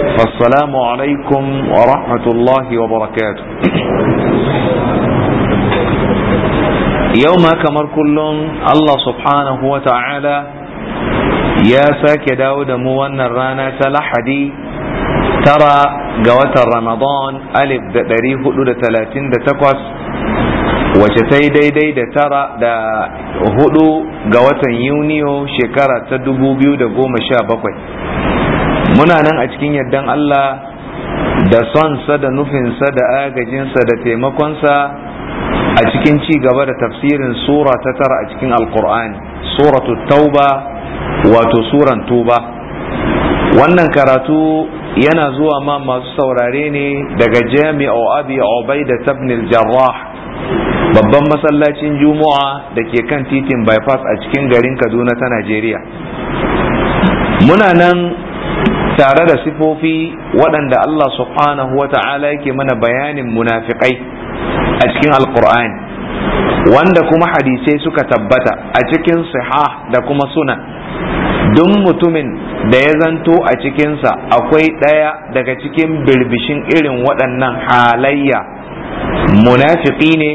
السلام عليكم ورحمة الله وبركاته يوم كمر كل الله سبحانه وتعالى يا ساك داود موانا رانا تلحدي ترى جوات رمضان ألف دريه دا تلاتين دا تقوس وشتي دي دي دا ترى دا هدو جوات يونيو شكرة تدبو بيو دا قوم شابكوي muna nan a cikin yardan Allah da sonsa da nufinsa da agajinsa da taimakonsa a cikin ci gaba da tafsirin sura ta tara a cikin alkur'ani suratu tauba wato suran tuba wannan karatu yana zuwa ma masu saurare ne daga jami'a abi ubaida ibn al-jarrah babban masallacin juma'a da ke kan titin bypass a cikin garin kaduna ta najeriya muna nan tare da sifofi waɗanda Allah subhanahu wata'ala yake mana bayanin munafiƙai a cikin alkur'ani wanda kuma hadisai suka tabbata a cikin siha da kuma suna duk mutumin da ya zanto a cikinsa akwai ɗaya daga cikin birbishin irin waɗannan halayya munafiƙi ne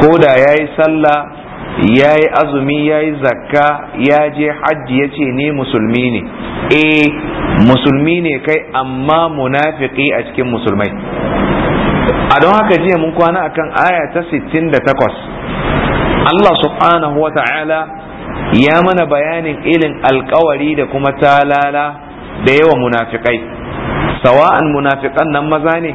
ko da ya yi sallah ya yi azumi ya yi zakka ya je hajji ya ce ni musulmi ne eh musulmi ne kai amma munafiki a cikin musulmai a don haka jiya mun kwana akan aya ta 68 Allah subhanahu wa ta'ala ya mana bayanin ilin alkawari da kuma talala da yawa munafikai sawa'an munafikan nan maza ne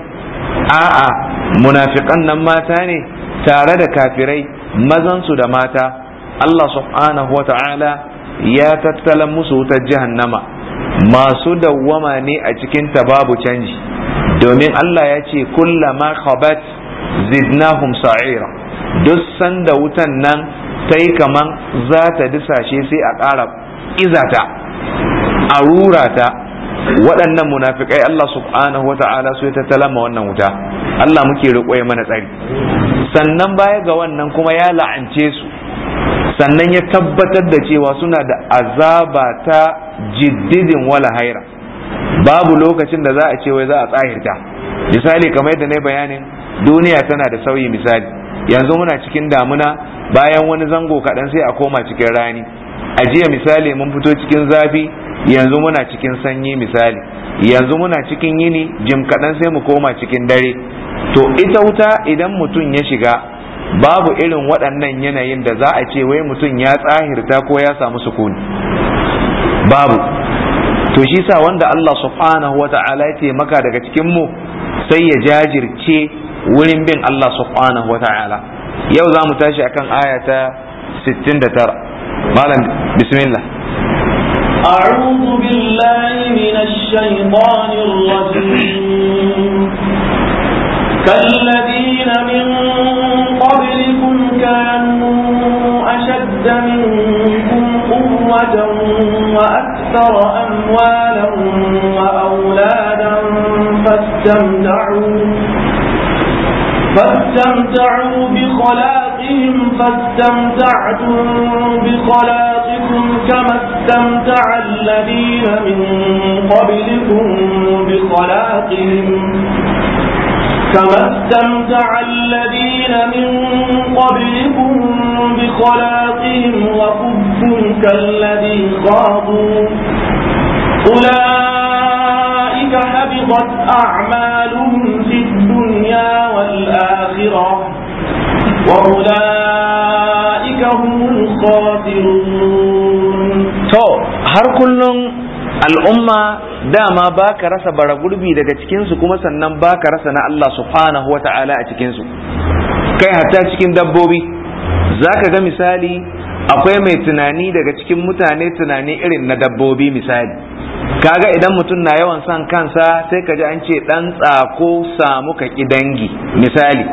a'a munafikan nan mata ne tare da kafirai mazansu da mata Allah subhanahu wata'ala ya tattalan musu wutar nama. masu dawwama ne a cikin ta babu canji domin Allah ya ce kullama khabat zidnahum sa'ira duk sanda wutan nan ta yi kaman za ta disashe sai a ƙara izata a rurata waɗannan munafikai Allah subhanahu wa ta'ala su ta ma wannan wuta Allah muke riƙo mana tsari sannan baya ga wannan kuma ya la'ance su sannan ya tabbatar da cewa suna da azaba ta jiddidin wala haira babu lokacin da za a ce wai za a tsahirta misali kamar yadda na bayanin duniya tana da sauyi misali yanzu muna cikin damuna bayan wani zango kaɗan sai a koma cikin rani a jiya misali mun fito cikin zafi yanzu muna cikin sanyi misali yanzu muna cikin yini jim kaɗan sai mu koma cikin dare to ita wuta idan mutum ya shiga babu irin waɗannan yanayin da za a ce wai mutum ya tsahirta ko ya samu sukuni babu to shi sa wanda Allah subhanahu wa ta'ala ya taimaka daga cikin mu sai ya jajirce wurin bin Allah subhanahu wa yau za mu tashi akan aya ta 69 malam bismillah أعوذ بالله من الشيطان الرجيم كالذين من قبلكم كانوا أشد منكم قوة وأكثر أموالا وأولادا فاستمتعوا فاستمتعوا بخلاقهم فاستمتعتم بخلاقكم كما استمتع الذين من قبلكم بخلاقهم كما استمتع الذين من قبلكم بخلاقهم وكبتم كالذي خاضوا أولئك حبطت أعمالهم To har kullum al'umma dama ba ka rasa bara gurbi daga cikinsu kuma sannan ba ka rasa na Allah subhanahu wa a cikinsu kai hatta cikin dabbobi za ka ga misali akwai mai tunani daga cikin mutane tunanin irin na dabbobi misali kaga idan mutum na yawan son kansa sai ka ji an ce dan tsako samu ka ki dangi misali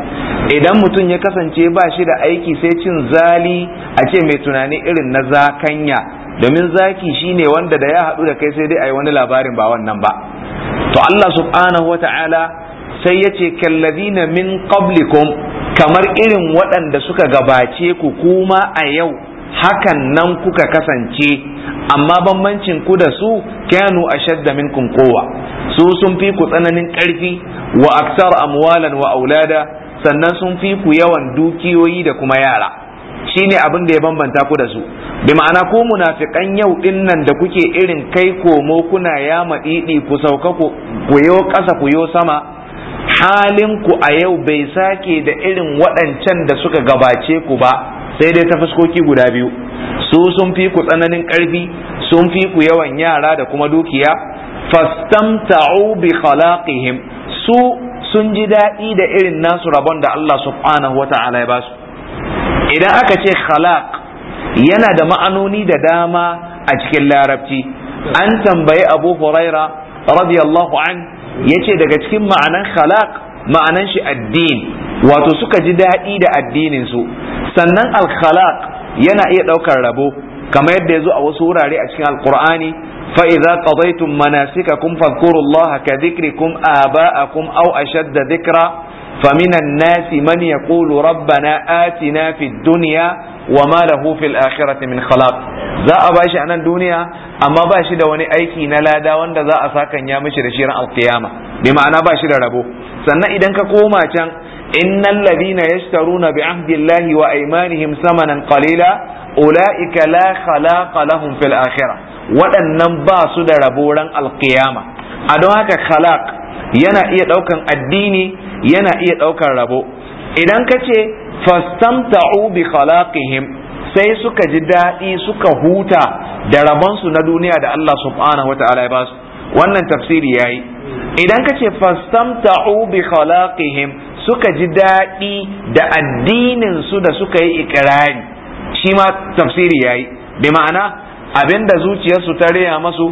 idan mutum ya kasance ba shi da aiki sai cin zali a ce mai tunani irin na zakanya domin zaki shine wanda da ya haɗu da kai sai dai a yi wani labarin ba wannan ba to Allah subhanahu wa ta'ala sai ya ce min qablikum kamar irin waɗanda suka gabace ku kuma a yau hakan nan kuka kasance amma bambancin ku da su kyanu ashadda minkum kowa su sun fi ku tsananin ƙarfi wa aktar amwalan wa aulada sannan sun fi ku yawan dukiyoyi da kuma yara shine abin da ya bambanta ku da su bi ma'ana ko munafikan yau din nan da kuke irin kai komo kuna ya didi ku sauka ku yo kasa ku yo sama halinku a yau bai sake da irin waɗancan da suka gabace ku ba sai dai ta fuskoki guda biyu su sun fi ku tsananin ƙarfi sun fi ku yawan yara da kuma dukiya fastamta'u bi khalaqihim su sun ji daɗi da irin nasu rabon da Allah subhanahu wa ta'ala ya basu idan aka ce khalaq yana da ma'anoni da dama a cikin larabci an tambayi abu huraira radiyallahu an yace daga cikin ma'anan khalaq ma'anan shi addini wato suka ji daɗi da addinin su sannan al yana iya ɗaukar rabo kamar yadda ya zo a wasu wurare a cikin alkur'ani faiza idza qadaytum manasikakum fadhkurullaha ka dhikrikum aba'akum aw ashadda dhikra فمن الناس من يقول ربنا آتنا في الدنيا وما له في الآخرة من خلاق za a bashi a nan duniya amma ba shi da wani aiki na lada wanda za a sakan ya mishi da shirin alkiyama bi ma'ana ba shi da rabo sannan idan ka koma can إن الذين يشترون بعهد الله وأيمانهم ثمنا قليلا أولئك لا خلاق لهم في الآخرة waɗannan ba su da rabo ran alƙiyama a don haka khalaq yana iya ɗaukan addini yana iya ɗaukan rabo idan ka ce fastamta'u bi khalaqihim sai suka ji daɗi suka huta da rabonsu na duniya da Allah subhanahu wa ta'ala ya basu wannan tafsiri yayi idan ka ce fastamta'u bi khalaqihim suka ji daɗi da addinin su da suka yi ikirari shi ma tafsiri yayi bi ma'ana abinda zuciyarsu ta raya masu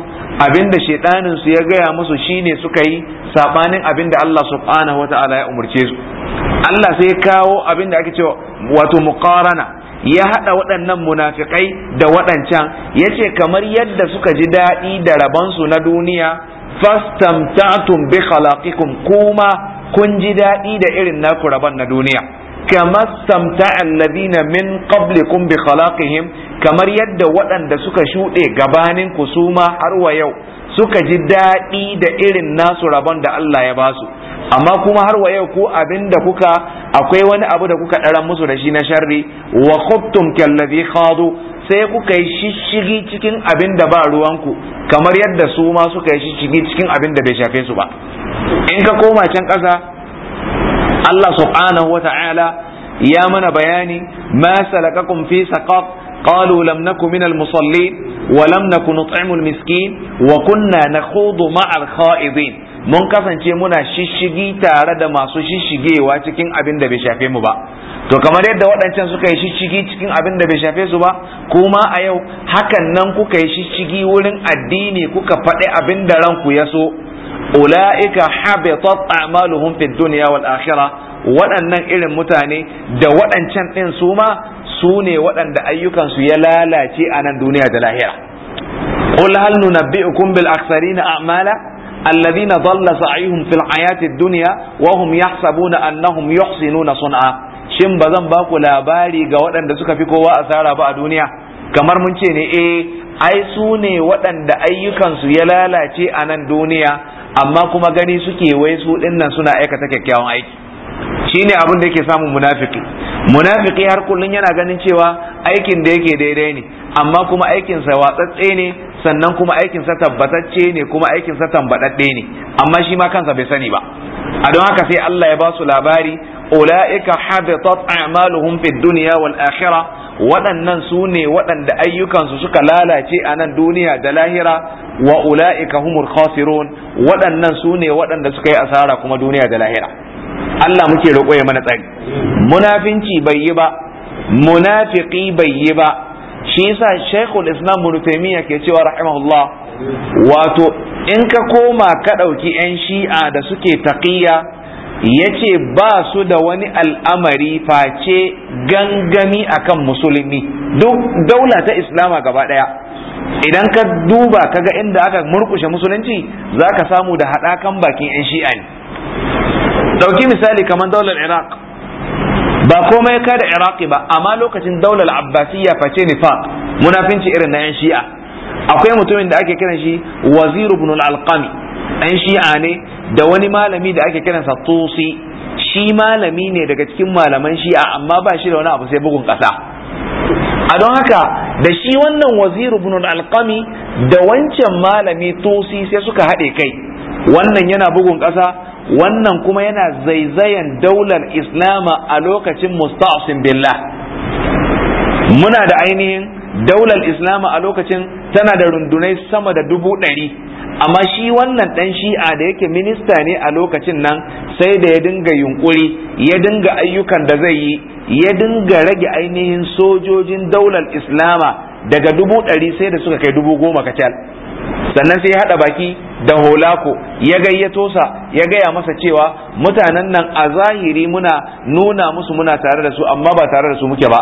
abinda shedanin su ya gaya masu shine suka yi sabanin abinda Allah subhanahu wata'ala ya umurce su Allah sai ya kawo abinda ake cewa wato muqarana ya haɗa waɗannan munafikai da waɗancan ya ce kamar yadda suka ji daɗi da rabansu na duniya fastamtatum bi khalaqikum kuma kun ji daɗi da irin naku rabon na duniya kama samta alladina min qablikum bi khalaqihim kamar yadda waɗanda suka shuɗe gabanin ku suma har wa yau suka ji daɗi da irin nasu rabon da Allah ya basu amma kuma har wa yau ku abinda kuka akwai wani abu da kuka ɗaran musu da shi na sharri wa khubtum kallazi khadu sai kuka yi shishigi cikin abin da ba ruwanku kamar yadda su ma suka yi shishigi cikin abin da bai shafe su ba in ka koma can ƙasa Allah subhanahu wa ta'ala ya mana bayani ma salakakum fi saqaq qalu lam naku minal musallin wa lam naku nut'imul miskin wa kunna nakhudu ma'al kha'idin mun kasance muna shishigi tare da masu shishigewa cikin abin da bai shafe mu ba to kamar yadda waɗancan suka yi shishigi cikin abin da bai shafe su ba kuma a yau hakan nan kuka yi shishigi wurin addini kuka faɗi abin da ranku ya so ula'ika habitat a'maluhum fid dunya wal akhirah waɗannan irin mutane da waɗancan ɗin su ma su ne waɗanda ayyukansu ya lalace a nan duniya da lahira qul hal nunabbi'ukum bil aktharina a'mala الذين ضل سعيهم في الحياة الدنيا وهم yahsabuna أنهم يحسنون suna. shin ba zan ba ku labari ga waɗanda suka fi kowa asara ba a duniya kamar mun ce ne eh ai su ne waɗanda ayyukansu ya lalace a nan duniya amma kuma gani suke wai su ɗinnan suna aikata kyakkyawan aiki shine abin da yake samun munafiki munafiki har kullun yana ganin cewa aikin da yake daidai ne amma kuma aikinsa watsatse ne sannan kuma aikinsa tabbatacce ne kuma aikinsa tambadadde ne amma shi ma kansa bai sani ba a don haka sai Allah ya ba su labari ula'ika habitat a'maluhum fid dunya wal akhirah waɗannan su ne waɗanda ayyukansu suka lalace a nan duniya da lahira wa ula'ika humul khasirun waɗannan su ne waɗanda suka yi asara kuma duniya da lahira Allah muke roƙo ya mana tsari munafinci bai yi ba munafiki bai yi ba shi yasa shaykhul islam murtamiya ke cewa rahimahullah wato in ka koma ka ɗauki 'yan shi'a da suke taƙiyya yace ba su da wani al'amari face gangami akan musulmi duk daula ta islama gaba daya idan ka duba kaga inda aka murkushe musulunci za ka samu da haɗakan bakin 'yan shi'a ne ɗauki misali kamar daular iraq ba komai ya kada iraki ba amma lokacin daular abbasiyya face nifaq munafinci irin na yan shi'a akwai mutumin da ake kiran shi waziru ibn al-alqami yan shi'a ne da wani malami da ake kiransa tusi shi malami ne daga cikin malaman shi'a amma ba shi da wani abu sai bugun kasa a don haka da shi wannan waziru ibn al-alqami da wancan malami tusi sai suka haɗe kai wannan yana bugun kasa wannan kuma yana zaizayen daular islama a lokacin musta'sin billah muna da ainihin daular islama a lokacin tana da rundunai sama da dubu ɗari amma shi wannan ɗan shi'a da yake minista ne a lokacin nan sai da ya dinga yunkuri ya dinga ayyukan da zai yi ya dinga rage ainihin sojojin daular islama daga dubu ɗari sai da suka kai dubu goma kacal sannan sai ya haɗa baki da holako ya gayyato sa ya gaya masa cewa mutanen nan a zahiri muna nuna musu muna tare da su amma ba tare da su muke ba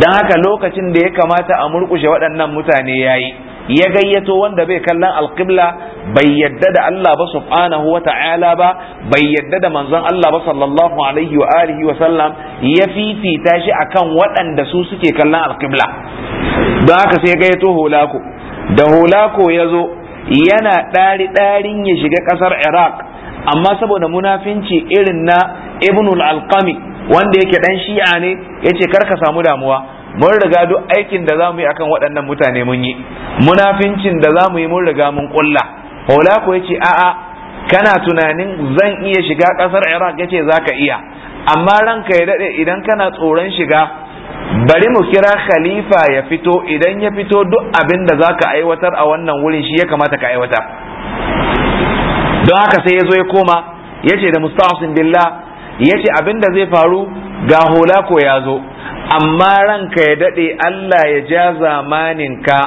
don haka lokacin da ya kamata a murkushe waɗannan mutane ya yi ya gayyato wanda bai kallon alƙibla bai yadda da Allah ba subhanahu wa ta'ala ba bai yadda da manzon Allah ba sallallahu alaihi wa alihi wa sallam ya fifita shi akan waɗanda su suke kallon alƙibla don haka sai ya gayyato holako da holako ya zo yana ɗari ɗarin ya shiga ƙasar iraq amma saboda munafinci irin na ibnul alqami wanda yake ɗan shi'a ne yace kar ka samu damuwa mun riga duk aikin da za mu yi akan waɗannan mutane mun yi munafincin da za mu yi mun riga mun ƙulla hola ko yace a'a kana tunanin zan iya shiga ƙasar iraq yace za ka iya amma ranka ya daɗe idan kana tsoron shiga bari mu kira khalifa ya fito idan ya fito duk abin da za ka aiwatar a wannan wurin shi ya kamata ka aiwata don haka sai ya zo ya koma ya ce da musta'asin billah ya ce abin da zai faru ga hula ko ya zo amma ranka ya daɗe Allah ya ja zamaninka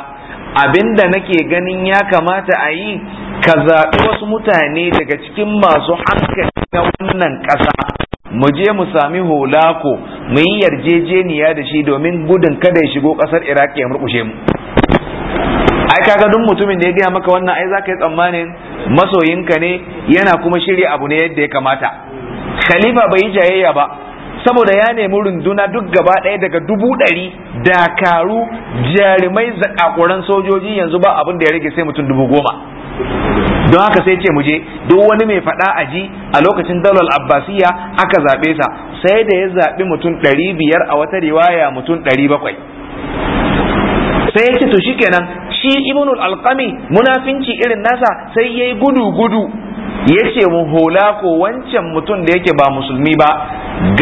abin da nake ganin ya kamata a yi ka zaɓi wasu mutane daga cikin masu hankali na wannan ƙasa mu je mu sami holako mu yi yarjejeniya da shi domin gudun kada ya shigo kasar iraq ya murkushe mu ai kaga duk mutumin da ya gaya maka wannan ai zaka yi tsammanin masoyinka ne yana kuma shirya abu ne yadda ya kamata khalifa bai yi jayayya ba saboda ya nemi runduna duk gaba ɗaya daga dubu ɗari dakaru jarumai zakakuran sojoji yanzu ba abin da ya rage sai mutum dubu goma don haka sai ce mu je duk wani mai faɗa a ji a lokacin dalar abbasiya aka zaɓe sa sai da ya zaɓi mutum ɗari biyar a wata riwaya mutum ɗari bakwai sai ya ce to kenan shi ibnul alqami munafinci irin nasa sai yayi gudu gudu yace mu hula ko wancan mutum da yake ba musulmi ba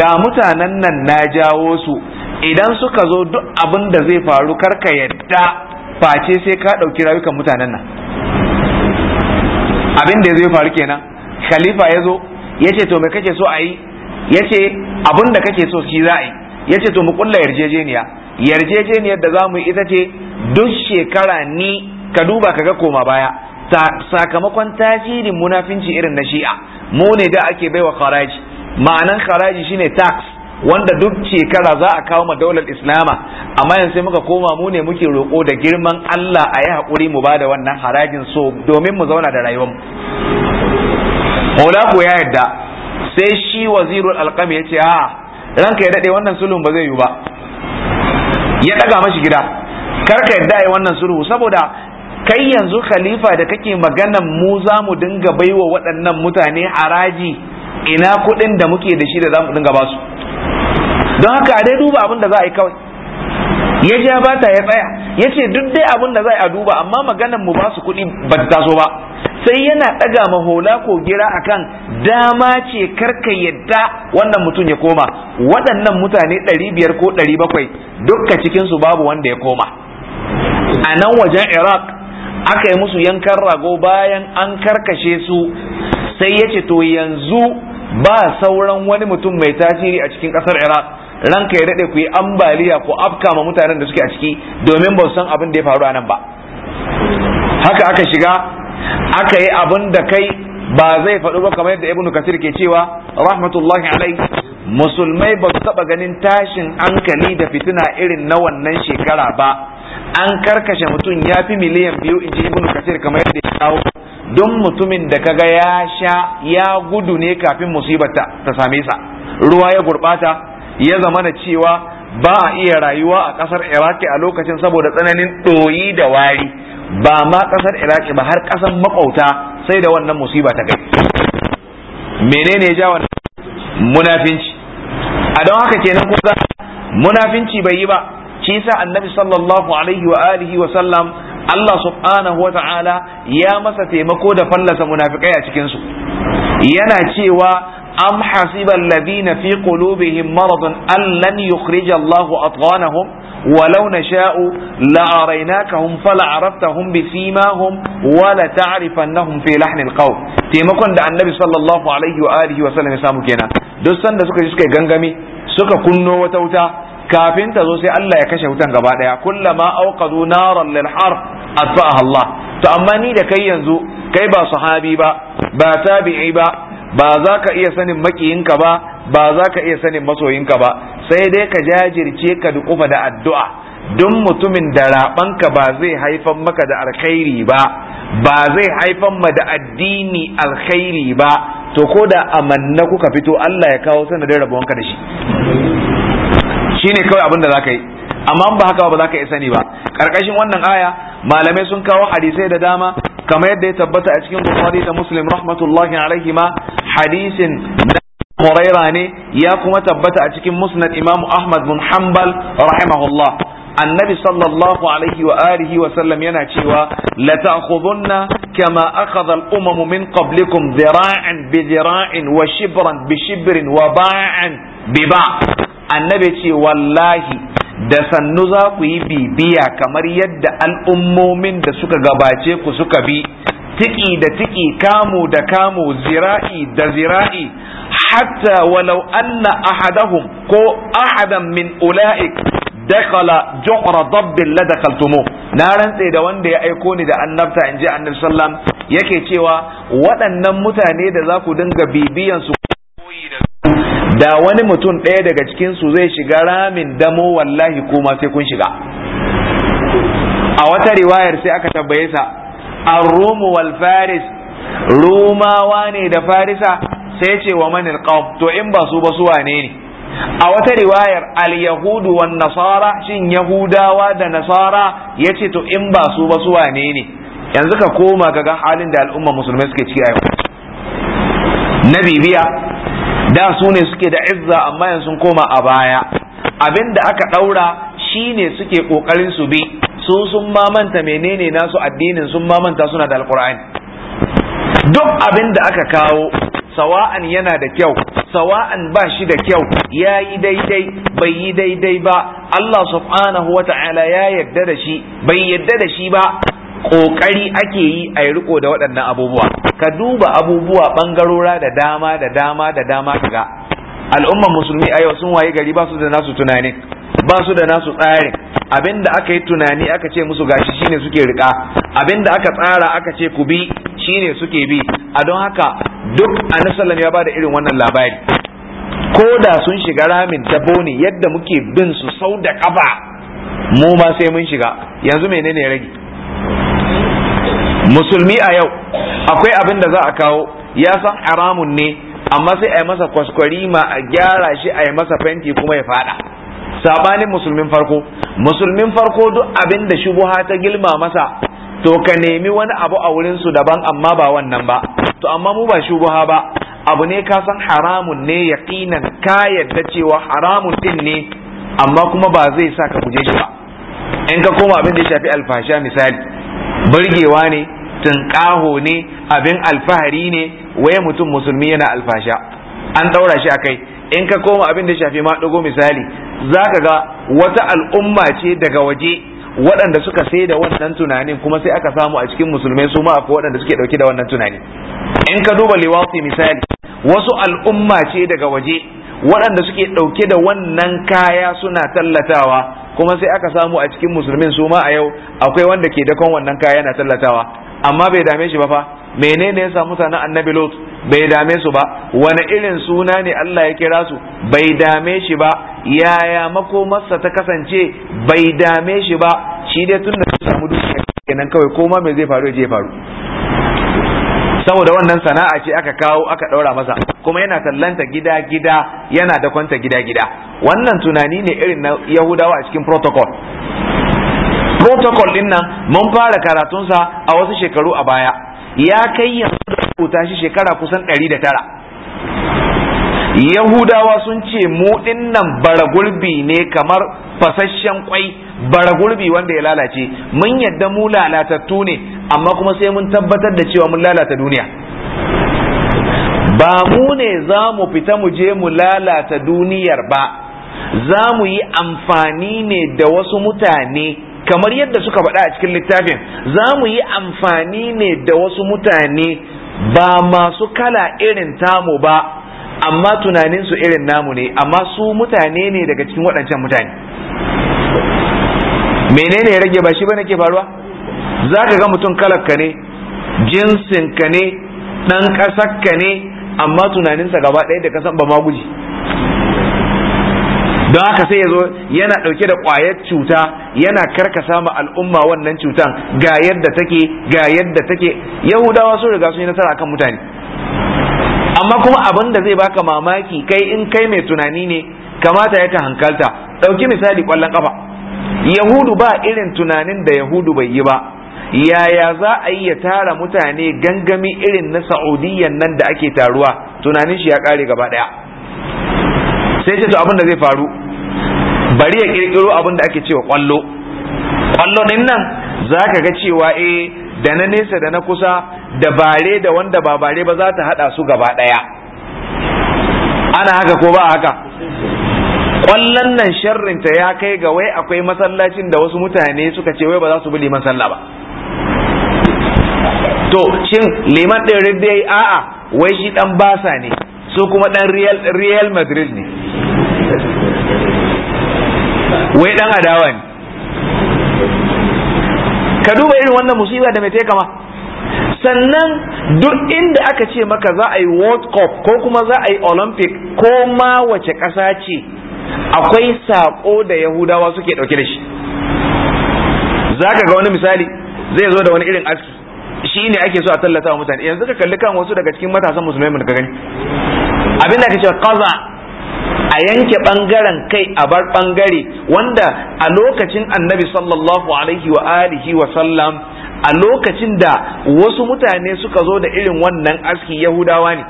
ga mutanen nan na jawo su idan suka zo duk abin da zai faru karka yadda face sai ka ɗauki rayukan mutanen nan abin da ya zai faru kenan khalifa ya zo ya ce to me kake so a yi ya ce abin da kake so shi za a yi ya ce to mu kulla yarjejeniya yarjejeniyar da za mu ita ce duk shekara ni ka duba ka ga koma baya sakamakon tasirin munafinci irin na shi'a mu ne da ake baiwa kharaji ma'anan kharaji shine tax wanda duk shekara za a kawo ma daular islama amma yanzu sai muka koma mu ne muke roƙo da girman Allah a yi haƙuri mu ba da wannan harajin so domin mu zauna da rayuwar Maula ko ya yarda sai shi wazirul alƙami ya ce a ah, ranka ya daɗe wannan sulhun ba zai yi ba ya ɗaga mashi gida kar ka yadda ya wannan sulhu saboda kai yanzu khalifa da kake maganan mu za mu dinga baiwa waɗannan mutane haraji ina kuɗin da muke da shi da za mu dinga basu don haka a dai duba abin da za a yi kawai ya ja ba ta ya tsaya ya ce duk dai abin da za a duba amma maganan mu ba su kuɗi ba ta taso ba sai yana ɗaga mahola ko gira akan dama ce karka yadda wannan mutum ya koma waɗannan mutane ɗari biyar ko ɗari bakwai dukka su babu wanda ya koma a nan wajen iraq aka yi musu yankan rago bayan an karkashe su sai ya ce to yanzu ba sauran wani mutum mai tasiri a cikin ƙasar iraq ranka ya daɗe ku yi ambaliya ku afka ma mutanen da suke a ciki domin ba su san abin da ya faru a nan ba haka aka shiga aka yi abin da kai ba zai faɗu ba kamar yadda ibnu kasir ke cewa rahmatullahi alai musulmai ba su taɓa ganin tashin hankali da fitina irin na wannan shekara ba an karkashe mutum ya fi miliyan biyu in ji ibnu kasir kamar yadda ya kawo don mutumin da kaga ya sha ya gudu ne kafin musibar ta same sa ruwa ya gurɓata. ya zama na cewa ba a iya rayuwa a ƙasar iraki a lokacin saboda tsananin ɗoyi da wari ba ma ƙasar iraki ba har ƙasar makauta sai da wannan musiba ta kai menene ja wannan munafinci a don haka kenan ko za? munafinci bai yi ba shi sa annabi sallallahu alaihi wa alihi wa sallam Allah subhanahu wa ta'ala ya masa taimako da fallasa munafikai a cikin su yana cewa am hasiba alladhina fi qulubihim maradun an lan yukhrija Allahu walau nasha'u la araynakahum fala araftahum bi simahum wa la ta'rifannahum fi lahn alqawl taimakon da annabi sallallahu alaihi wa alihi wa sallam ya samu kenan duk sanda suka ji suka gangami suka kunno wata wuta kafin ta zo sai Allah ya kashe wutan gaba daya kullama auqadu naran lil harf atfa'aha Allah to amma ni da kai yanzu kai ba sahabi ba ba tabi'i ba ba za ka iya sanin makiyinka ba ba za ka iya sanin masoyinka ba sai dai ka jajirce ka duƙufa da addu'a don mutumin da raɓanka ba zai haifan maka da alkhairi ba ba zai haifan ma da addini alkhairi ba to ko da amanna kuka fito Allah ya kawo sanadin rabuwanka da shi shine kawai abin da za ka yi amma ba haka ba za ka iya sani ba Ƙarƙashin wannan aya malamai sun kawo hadisai da dama kamar yadda ya tabbata a cikin Bukhari da Muslim rahmatullahi alaihi ma hadisin da Huraira ne ya kuma tabbata a cikin musnad Imam Ahmad bin Hanbal rahimahullah annabi sallallahu alaihi wa alihi wa sallam yana cewa la ta'khudunna kama akhadha al-umamu min qablikum dhira'an bi dhira'in wa shibran bi shibrin wa ba'an bi ba' annabi ce wallahi da sannu za ku yi bibiya kamar yadda al'ummomin da suka gabace ku suka bi tiki da tiki kamu da kamu zira'i da zira'i hatta walau anna ahadahum ko ahadan min ula'ik dakala ju'ra dabbin la dakaltumu na rantse da wanda ya aiko ni da annabta in ji annabi sallam yake cewa waɗannan mutane da za ku dinga bibiyan su da wani mutum ɗaya daga cikin su zai shiga ramin damo wallahi kuma sai kun shiga a wata riwayar sai aka tabbaye sa ar-rumu faris rumawa ne da farisa sai ce wa manil to in ba su ba su wane ne a wata riwayar al-yahudu nasara shin yahudawa da nasara yace to in ba su ba su wane ne yanzu ka koma ka ga halin da al'umma musulmai suke ciki a na bibiya da sune suke da izza amma yanzu sun koma a baya abin da aka ɗaura shine suke kokarin su bi su sun manta menene nasu addinin sun mamanta suna da alkur'ani duk abin da aka kawo sawa'an yana da kyau sawa'an ba shi da kyau ya yi daidai bai yi daidai ba Allah subhanahu wa ta'ala ya yadda da shi bai yadda da shi ba kokari ake yi a yi riko da waɗannan abubuwa ka duba abubuwa ɓangarora da dama da dama da dama ga al'umman musulmi a yau sun waye gari ba su da nasu tunanin ba su da nasu tsarin abin da aka yi tunani aka ce musu gashi shine suke rika abin da aka tsara aka ce ku bi shine suke bi a don haka duk anasalam ya ba da irin wannan labari ko da sun shiga ramin dabo ne yadda muke bin su sau da kafa mu ma sai mun shiga yanzu menene rage musulmi a yau akwai abin da za a kawo ya san haramun ne amma sai a yi masa kwaskwarima a gyara shi a yi masa fenti kuma ya fada sabanin musulmin farko musulmin farko duk abin da shubuha ta gilma masa to ka nemi wani abu a wurin su daban amma ba wannan ba to amma mu ba shubuha ba abu ne ka san haramun ne yaqinan ka yadda cewa haramun din ne amma kuma ba zai sa ka guje shi ba in ka koma abin da ya shafi alfasha misali burgewa ne tunƙaho ne abin alfahari ne waye mutum musulmi yana alfasha an ɗaura shi a kai in ka koma abin da shafi ma dago misali za ka ga wata al'umma ce daga waje waɗanda suka sai da wannan tunanin kuma sai aka samu a cikin musulmai su ma akwai waɗanda suke ɗauke da wannan tunani in ka duba Liwafi misali wasu al'umma ce daga waje waɗanda suke ɗauke da wannan kaya suna tallatawa kuma sai aka samu a cikin musulmin su ma a yau akwai wanda ke dakon wannan kaya na tallatawa amma bai dame shi ba fa menene ya samu sanan annabi lot bai dame su ba wani irin suna ne Allah ya kira su bai dame shi ba yaya makomarsa ta kasance bai dame shi ba shi dai tun da su samu dukiya kenan kawai koma mai zai faru ya je faru saboda wannan sana'a ce aka kawo aka ɗaura masa kuma yana tallanta gida gida yana da kwanta gida gida wannan tunani ne irin na yahudawa a cikin protocol protocol din nan mun fara karatunsa a wasu shekaru a baya ya kai yanzu da rubuta shi shekara kusan ɗari da tara yahudawa sun ce mu dinnan baragulbi ne kamar fasasshen kwai baragulbi wanda ya lalace mun yadda mu lalatattu ne amma kuma sai mun tabbatar da cewa mun lalata duniya ba mu ne za mu fita mu je mu lalata duniyar ba za mu yi amfani ne da wasu mutane kamar yadda suka faɗa a cikin littafin za mu yi amfani ne da wasu mutane ba masu kala irin tamu ba amma tunaninsu irin namu ne amma su mutane ne daga cikin waɗancan mutane menene ya rage ba shi ba ke faruwa za ka ga mutum ka ne jinsinka ne ɗan ka ne amma tunaninsa gaba ɗaya da kasan ba ma guji don haka sai ya yana ɗauke da ƙwayar cuta yana karkasa ma al'umma wannan cutan ga yadda take ga yadda take yahudawa sun riga sun yi nasara kan mutane amma kuma abin da zai baka mamaki kai in kai mai tunani ne kamata ya ka hankalta ɗauki misali ƙwallon ƙafa yahudu ba irin tunanin da yahudu bai yi ba yaya za a yi ya tara mutane gangami irin na sa'udiyyan nan da ake taruwa tunanin shi ya kare gaba ɗaya sai ce to abin da zai faru bari ya kirkiro abin da ake cewa kwallo kwallo din nan za ka ga cewa eh da na nesa da na kusa da bare da wanda ba bare ba za ta hada su gaba daya ana haka ko ba haka kwallon nan sharrinta ya kai ga wai akwai masallacin da wasu mutane suka ce wai ba za su bi liman sallah ba to shin liman ɗin a'a wai shi ɗan basa ne su kuma ɗan real madrid ne wai dan adawa ne ka duba irin wannan musiba da mai ta kama sannan duk inda aka ce maka za a yi world cup ko kuma za a yi olympic ko ma wace ƙasa ce akwai saƙo da yahudawa suke ɗauke da shi za ka ga wani misali zai zo da wani irin aski shi ne ake so a tallata wa mutane yanzu ka kalli kan wasu daga cikin matasan musulmai mun ka gani abin da a yanke ɓangaren kai a bar bangare wanda a lokacin annabi sallallahu alaihi wa alihi wa sallam a lokacin da wasu mutane suka zo da irin wannan aski yahudawa ne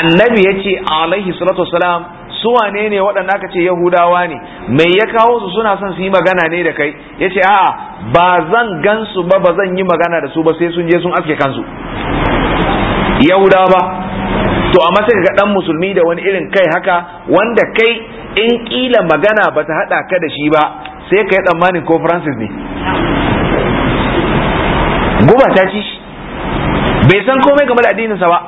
annabi ya ce alaihi salatu wasalam su wane ne waɗanda aka ce yahudawa ne mai ya kawo su suna son su yi magana ne da kai ya ce a'a ba zan gansu ba ba zan yi magana da su ba sai sun je sun aske kansu yahudawa ba to amma sai ga dan musulmi da wani irin kai haka wanda kai in kila magana bata hada ka da shi ba sai kai tsammanin ko Francis ne guba ta ci bai san komai game da addinin sa ba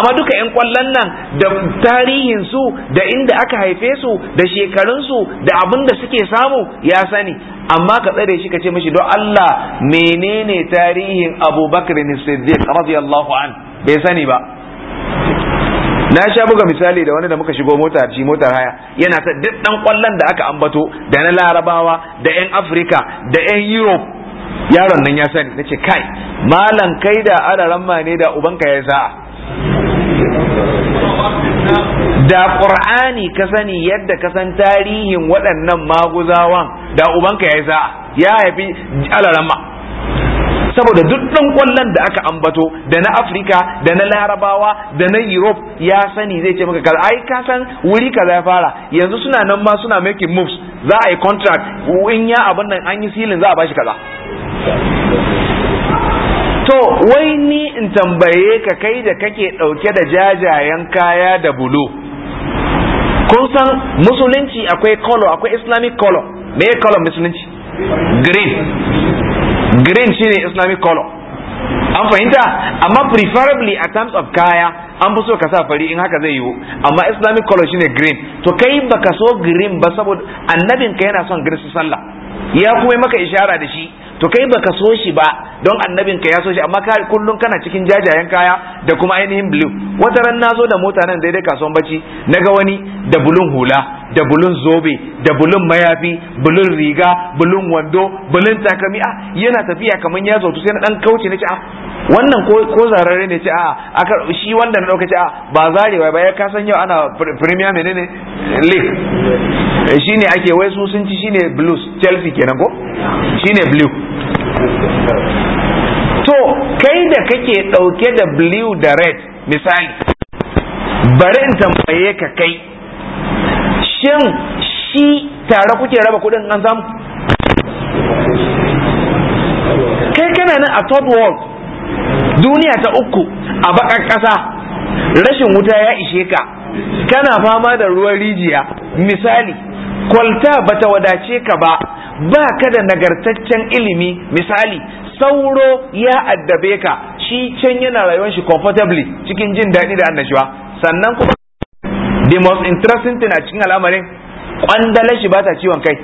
amma duka yan kwallon nan da tarihin su da inda aka haife su da shekarun su da abin da suke samu ya sani amma ka tsare shi ka ce mishi don Allah menene tarihin Abu Bakr Siddiq radiyallahu an bai sani ba na sha buga misali da wani da muka shigo mota ci motar haya yana ta duk dan kwallon da aka ambato da na larabawa da yan afirka da yan europe yaron nan ya sani nace kai malam kai da alaramma ne da ubanka ya za'a da qur'ani ka sani yadda ka san tarihin waɗannan maguzawan da ubanka ya za'a ya haifi alaramma saboda duk ɗan kwallon da aka ambato da na afirka da na larabawa da na europe ya sani zai ce maka kaza ai ka san wuri kaza ya fara yanzu suna nan ma suna making moves za a yi contract in ya abin nan an yi silin za a bashi kaza to wai ni in tambaye ka kai da kake ɗauke da jajayen kaya da bulo kun san musulunci akwai color akwai islamic color me color musulunci green green shine islamic color an fahimta amma preferably a terms of kaya an fi so ka sa fari in haka zai yiwu amma islamic color shine green to kai baka so green ba saboda annabin ka yana son green su sallah ya kuma maka ishara da shi to kai baka so shi ba don annabin ka ya so shi amma ka kullun kana cikin jajayen kaya da kuma ainihin blue wata ran na zo da mota nan daidai kasuwan bacci naga wani da bulun hula da bulun zobe da bulun mayafi bulun riga bulun wando bulun takami ah yana tafiya kamar ya zo sai na dan kauce na ce ah wannan ko zararre ne ce a ah, aka shi wanda na dauka ce a ah, ba zarewa ba ya ka san yau ana premier menene league eh, shine ake wai su sun ci shine blues chelsea kenan ko shine blue kai da kake ɗauke da blue da red misali bari in tambaye ka kai shin shi tare kuke raba kuɗin an samu kai kana nan a third world duniya ta uku a bakar ƙasa rashin wuta ya ishe ka kana fama da ruwan rijiya misali kwalta bata wadace ka ba ba ka da nagartaccen ilimi misali sauro ya addabe ka shi can yana rayuwar shi comfortably cikin jin daɗi da annashuwa sannan kuma the most interesting thing a cikin al'amarin kwandalar shi ba ta ciwon kai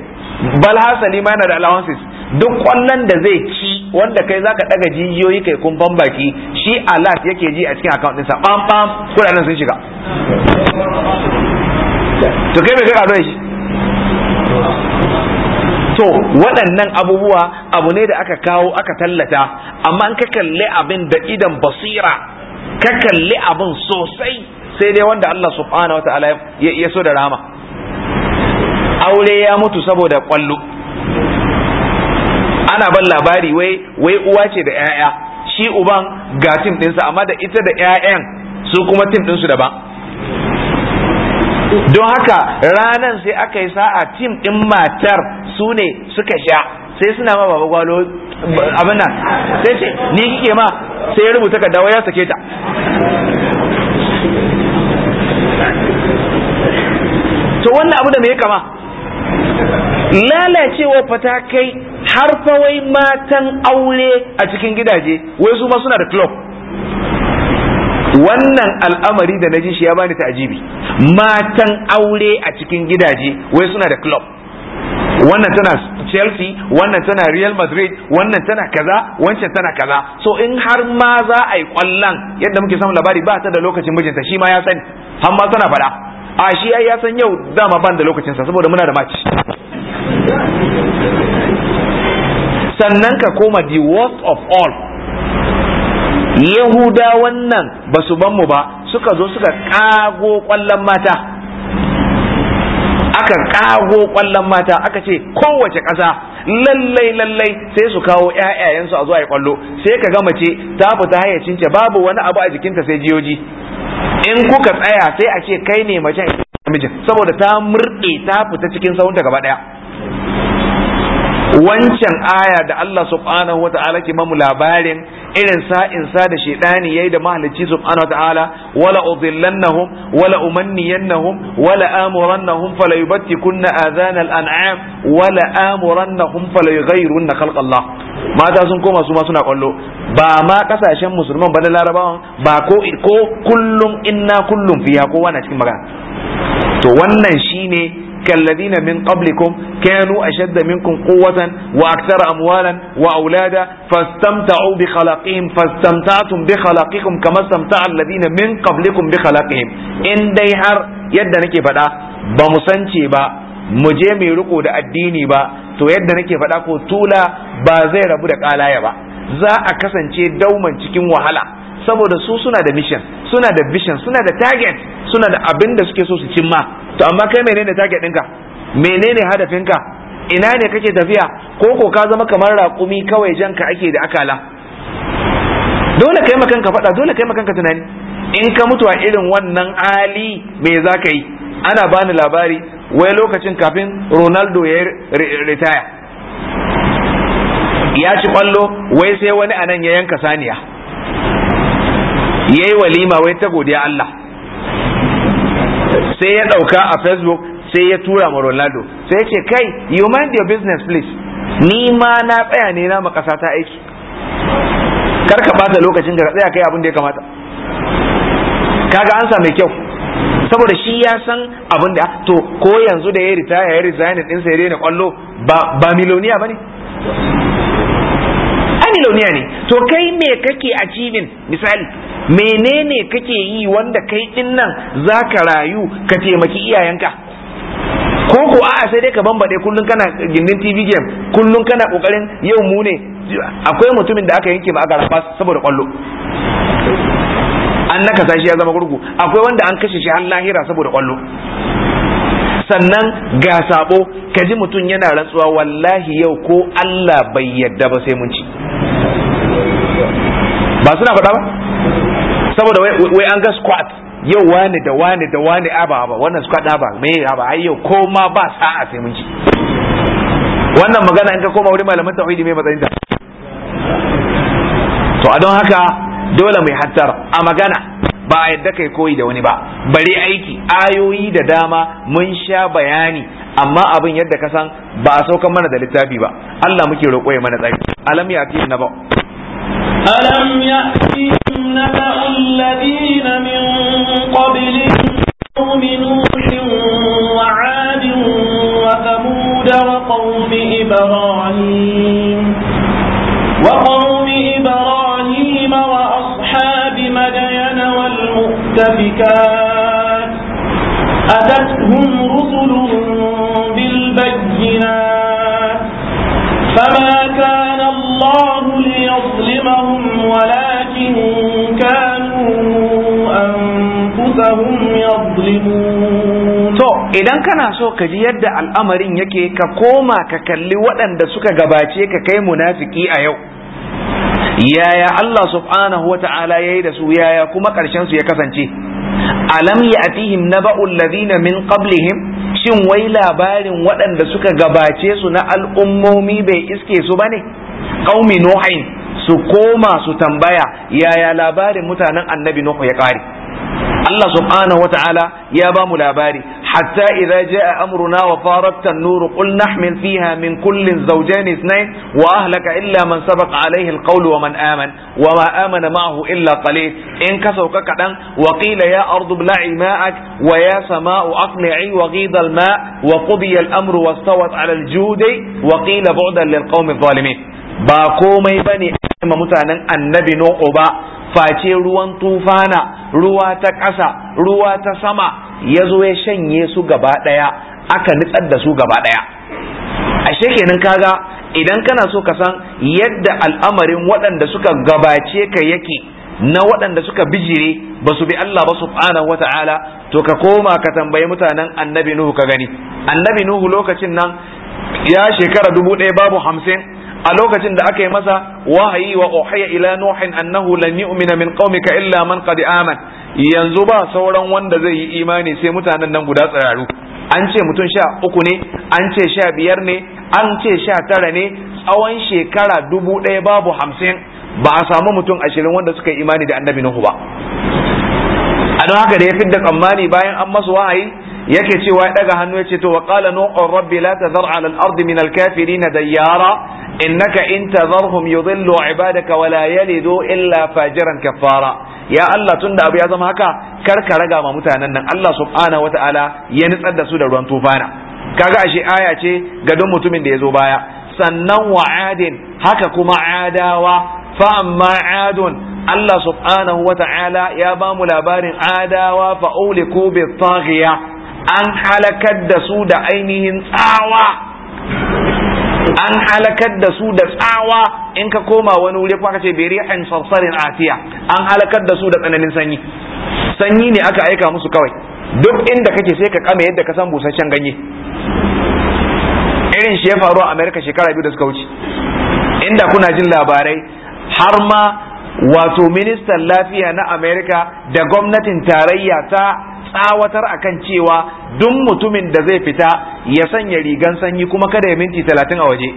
bal ma yana da allowances duk kwallon da zai ci wanda kai zaka daga jijiyoyi kai kun ban baki shi alat yake ji a cikin account ɗinsa bam bam kudaden sun shiga to kai me kai karo shi to waɗannan abubuwa abu ne da aka kawo aka tallata amma ka kalli abin da idan basira ka kalli abin sosai sai dai wanda Allah subhanahu wa ta'ala ya so da rama aure ya mutu saboda kwallo ana ban labari wai wai uwa ce da 'ya'ya shi uban ga tim ɗinsa amma da ita da 'ya'yan su kuma tim ɗinsu daban don haka ranan sai aka yi sa'a tim din matar su ne suka sha sai suna ma baba gwalo abin nan sai ce ni kike ma sai ya rubuta kaddawa ya sake ta to wannan abu da me kama lalacewa fata kai har fa wai matan aure a cikin gidaje wai su ma suna da club wannan al'amari da naji shi ya bani ta'ajibi matan aure a cikin gidaje wai suna da club wannan tana Chelsea wannan tana Real Madrid wannan tana kaza wancan tana kaza so in har ma za a yi kwallon yadda muke samun labari ba ta da lokacin mijinta shi ma ya sani har ma tana faɗa a shi ai ya san yau dama ban da lokacinsa saboda muna da match sannan ka koma the worst of all yahuda wannan basu su ban mu ba suka zo suka kago kwallon mata aka kago kwallon mata aka ce kowace ƙasa lallai lallai sai su kawo 'ya'yayensu a zo a kwallo sai ka gama ce ta fita ce babu wani abu a jikinta sai jiyoji in kuka tsaya sai a ce kai ne mace mijin saboda ta murɗe ta fita cikin saunta gaba ɗaya wancan aya da Allah subhanahu wata'ala ke mamu labarin irin sa'in sa da shaidani yayi da mahalicci subhanahu wata'ala wala udhillannahum wala umanniyannahum wala amurannahum fala yubattikunna adhana al'am wala amurannahum fala yughayyirunna khalqallah mata sun koma su ma suna kwallo ba ma kasashen musulman ba da larabawan ba ko ko kullum inna kullum fiya kowa na cikin magana to wannan shine كالذين من قبلكم كانوا أشد منكم قوة وأكثر أموالا وأولادا فاستمتعوا بخلاقهم فاستمتعتم بخلاقكم كما استمتع الذين من قبلكم بخلاقهم إن ديهر يد نكي فدا بمسنشي با mu je mai riko da addini ba to yadda nake faɗa ko tula ba zai rabu da kalaya ba za a kasance dauman cikin wahala saboda su suna da mission suna da vision suna da target suna da abin da suke so su cimma to amma kai menene target ɗinka menene hadafinka ina ne kake tafiya ko ko ka zama kamar raƙumi kawai janka ake da akala dole kai makanka faɗa dole kai makanka tunani in ka mutu a irin wannan Ali me za ka yi ana bani labari wai lokacin kafin ronaldo ya ritaya ya ci kwallo wai sai wani anan ya yanka saniya ya yi walima wai ta godiya Allah sai ya ɗauka a facebook sai ya tura ma Ronaldo sai ya ce kai you mind your business please ni ma na tsaya ne na makasa ta aiki kar ka bata lokacin da ka tsaya kai abin da ya kamata kaga ansa mai kyau saboda shi ya san abin da to ko yanzu da ya ritaya ya resign din sai daina kwallo ba ba miloniya ai miloniya ne to kai me kake achieving misali menene kake yi wanda kai din nan za ka rayu ka taimaki iyayenka ko ko a'a sai dai ka bambade kullun kana gindin TV game kullun kana kokarin yau mu ne akwai mutumin da aka yanke ba aka rafa saboda kwallo an naka sashi ya zama gurgu akwai wanda an kashe shi har lahira saboda kwallo sannan ga sabo ka ji mutum yana rantsuwa wallahi yau ko Allah bai yadda ba sai mun ci ba suna faɗa ba saboda wai an ga squat yau wani da wani da wani aba aba wannan squat ba me aba ai yau ko ma ba sa'a sai mun ci wannan magana in ka koma wurin malamin tauhidi mai matsayin ta to a don haka dole mai hattar a magana ba a yadda kai koyi da wani ba bari aiki ayoyi da dama mun sha bayani amma abin yadda ka san ba a saukan mana da littafi ba Allah muke roƙo ya mana tsari alam ya na ba ألم يأتهم نبأ الذين من قبلهم قوم نوح وعاد وثمود وقوم إبراهيم وقوم إبراهيم وأصحاب مدين والمؤتفكات أتتهم رسل بالبينات فما to idan kana so ka ji yadda al'amarin yake ka koma ka kalli waɗanda suka gabace ka kai munafiki a yau yaya Allah subhanahu wa ta'ala ya yi da su yaya kuma ƙarshen su ya kasance alam na naba'ul ladina min qablihim shin wai labarin waɗanda suka gabace su na al'ummomi bai iske su bane qaumi nuhin su koma su tambaya yaya labarin mutanen annabi nuhu ya kare Allah subhanahu wata'ala ya bamu labari hatta idza jaa amruna wa faratta an-nur qul nahmil fiha min kullin zawjayn ithnayn wa ahlaka illa man sabaqa alayhi al wa man aman. wa ma amana ma'ahu illa qalil in ka sauka kadan wa qila ya ardu bla'i ma'ak wa ya sama'u aqli'i wa ghida ma wa qudiya amru wastawat 'ala al-judi wa qila bu'dan lil-qawmi adh-dhalimin ba komai bane ma mutanen annabi nu'u ba face ruwan tufana ruwa ta ƙasa ruwa ta sama ya zo ya shanye su gaba ɗaya aka nitsar da su gaba ɗaya ashe kenan kaga idan kana so ka san yadda al'amarin waɗanda suka gabace ka yake na waɗanda suka bijire ba su bi Allah ba subhanahu Ta'ala, to ka koma ka tambayi mutanen annabi Nuhu ka gani annabi Nuhu lokacin nan ya shekara dubu ɗaya babu hamsin a lokacin da aka yi masa wahayi wa ohaya ila nuhin annahu lan yu'mina min qaumika illa man qad aman yanzu ba sauran wanda zai yi imani sai mutanen nan guda tsararu an ce mutum sha uku ne an ce sha biyar ne an ce sha tara ne tsawon shekara dubu ɗaya babu hamsin ba a samu mutum ashirin wanda suka yi imani da annabi nuhu ba a don haka da ya fidda tsammani bayan an masu wahayi yake cewa ya daga hannu ce to wa qala nu'u rabbi la tazar 'ala al-ard min al-kafirin dayyara innaka in tazarhum yudhillu 'ibadaka wa la yalidu illa fajiran kaffara ya Allah tunda abu ya zama haka kar ka raga ma mutanen nan Allah subhanahu wata'ala ya nutsar da su da ruwan tufana kaga ashe aya ce ga duk mutumin da ya zo baya sannan wa adin haka kuma adawa fa amma adun Allah subhanahu wa ta'ala ya ba mu labarin adawa fa uliku bi an halakar da su da ainihin tsawa an halakar da su da tsawa in ka koma wani wuri kuma ka ce beri an sarsarin atiya an halakar da su da tsananin sanyi sanyi ne aka aika musu kawai duk inda kake sai ka kame yadda ka san busasshen ganye irin shi ya faru a america shekara biyu da suka wuce inda kuna jin labarai har ma wato ministan lafiya na amerika da gwamnatin tarayya ta tsawatar akan cewa duk mutumin da zai fita ya sanya rigan sanyi kuma kada ya minti talatin a waje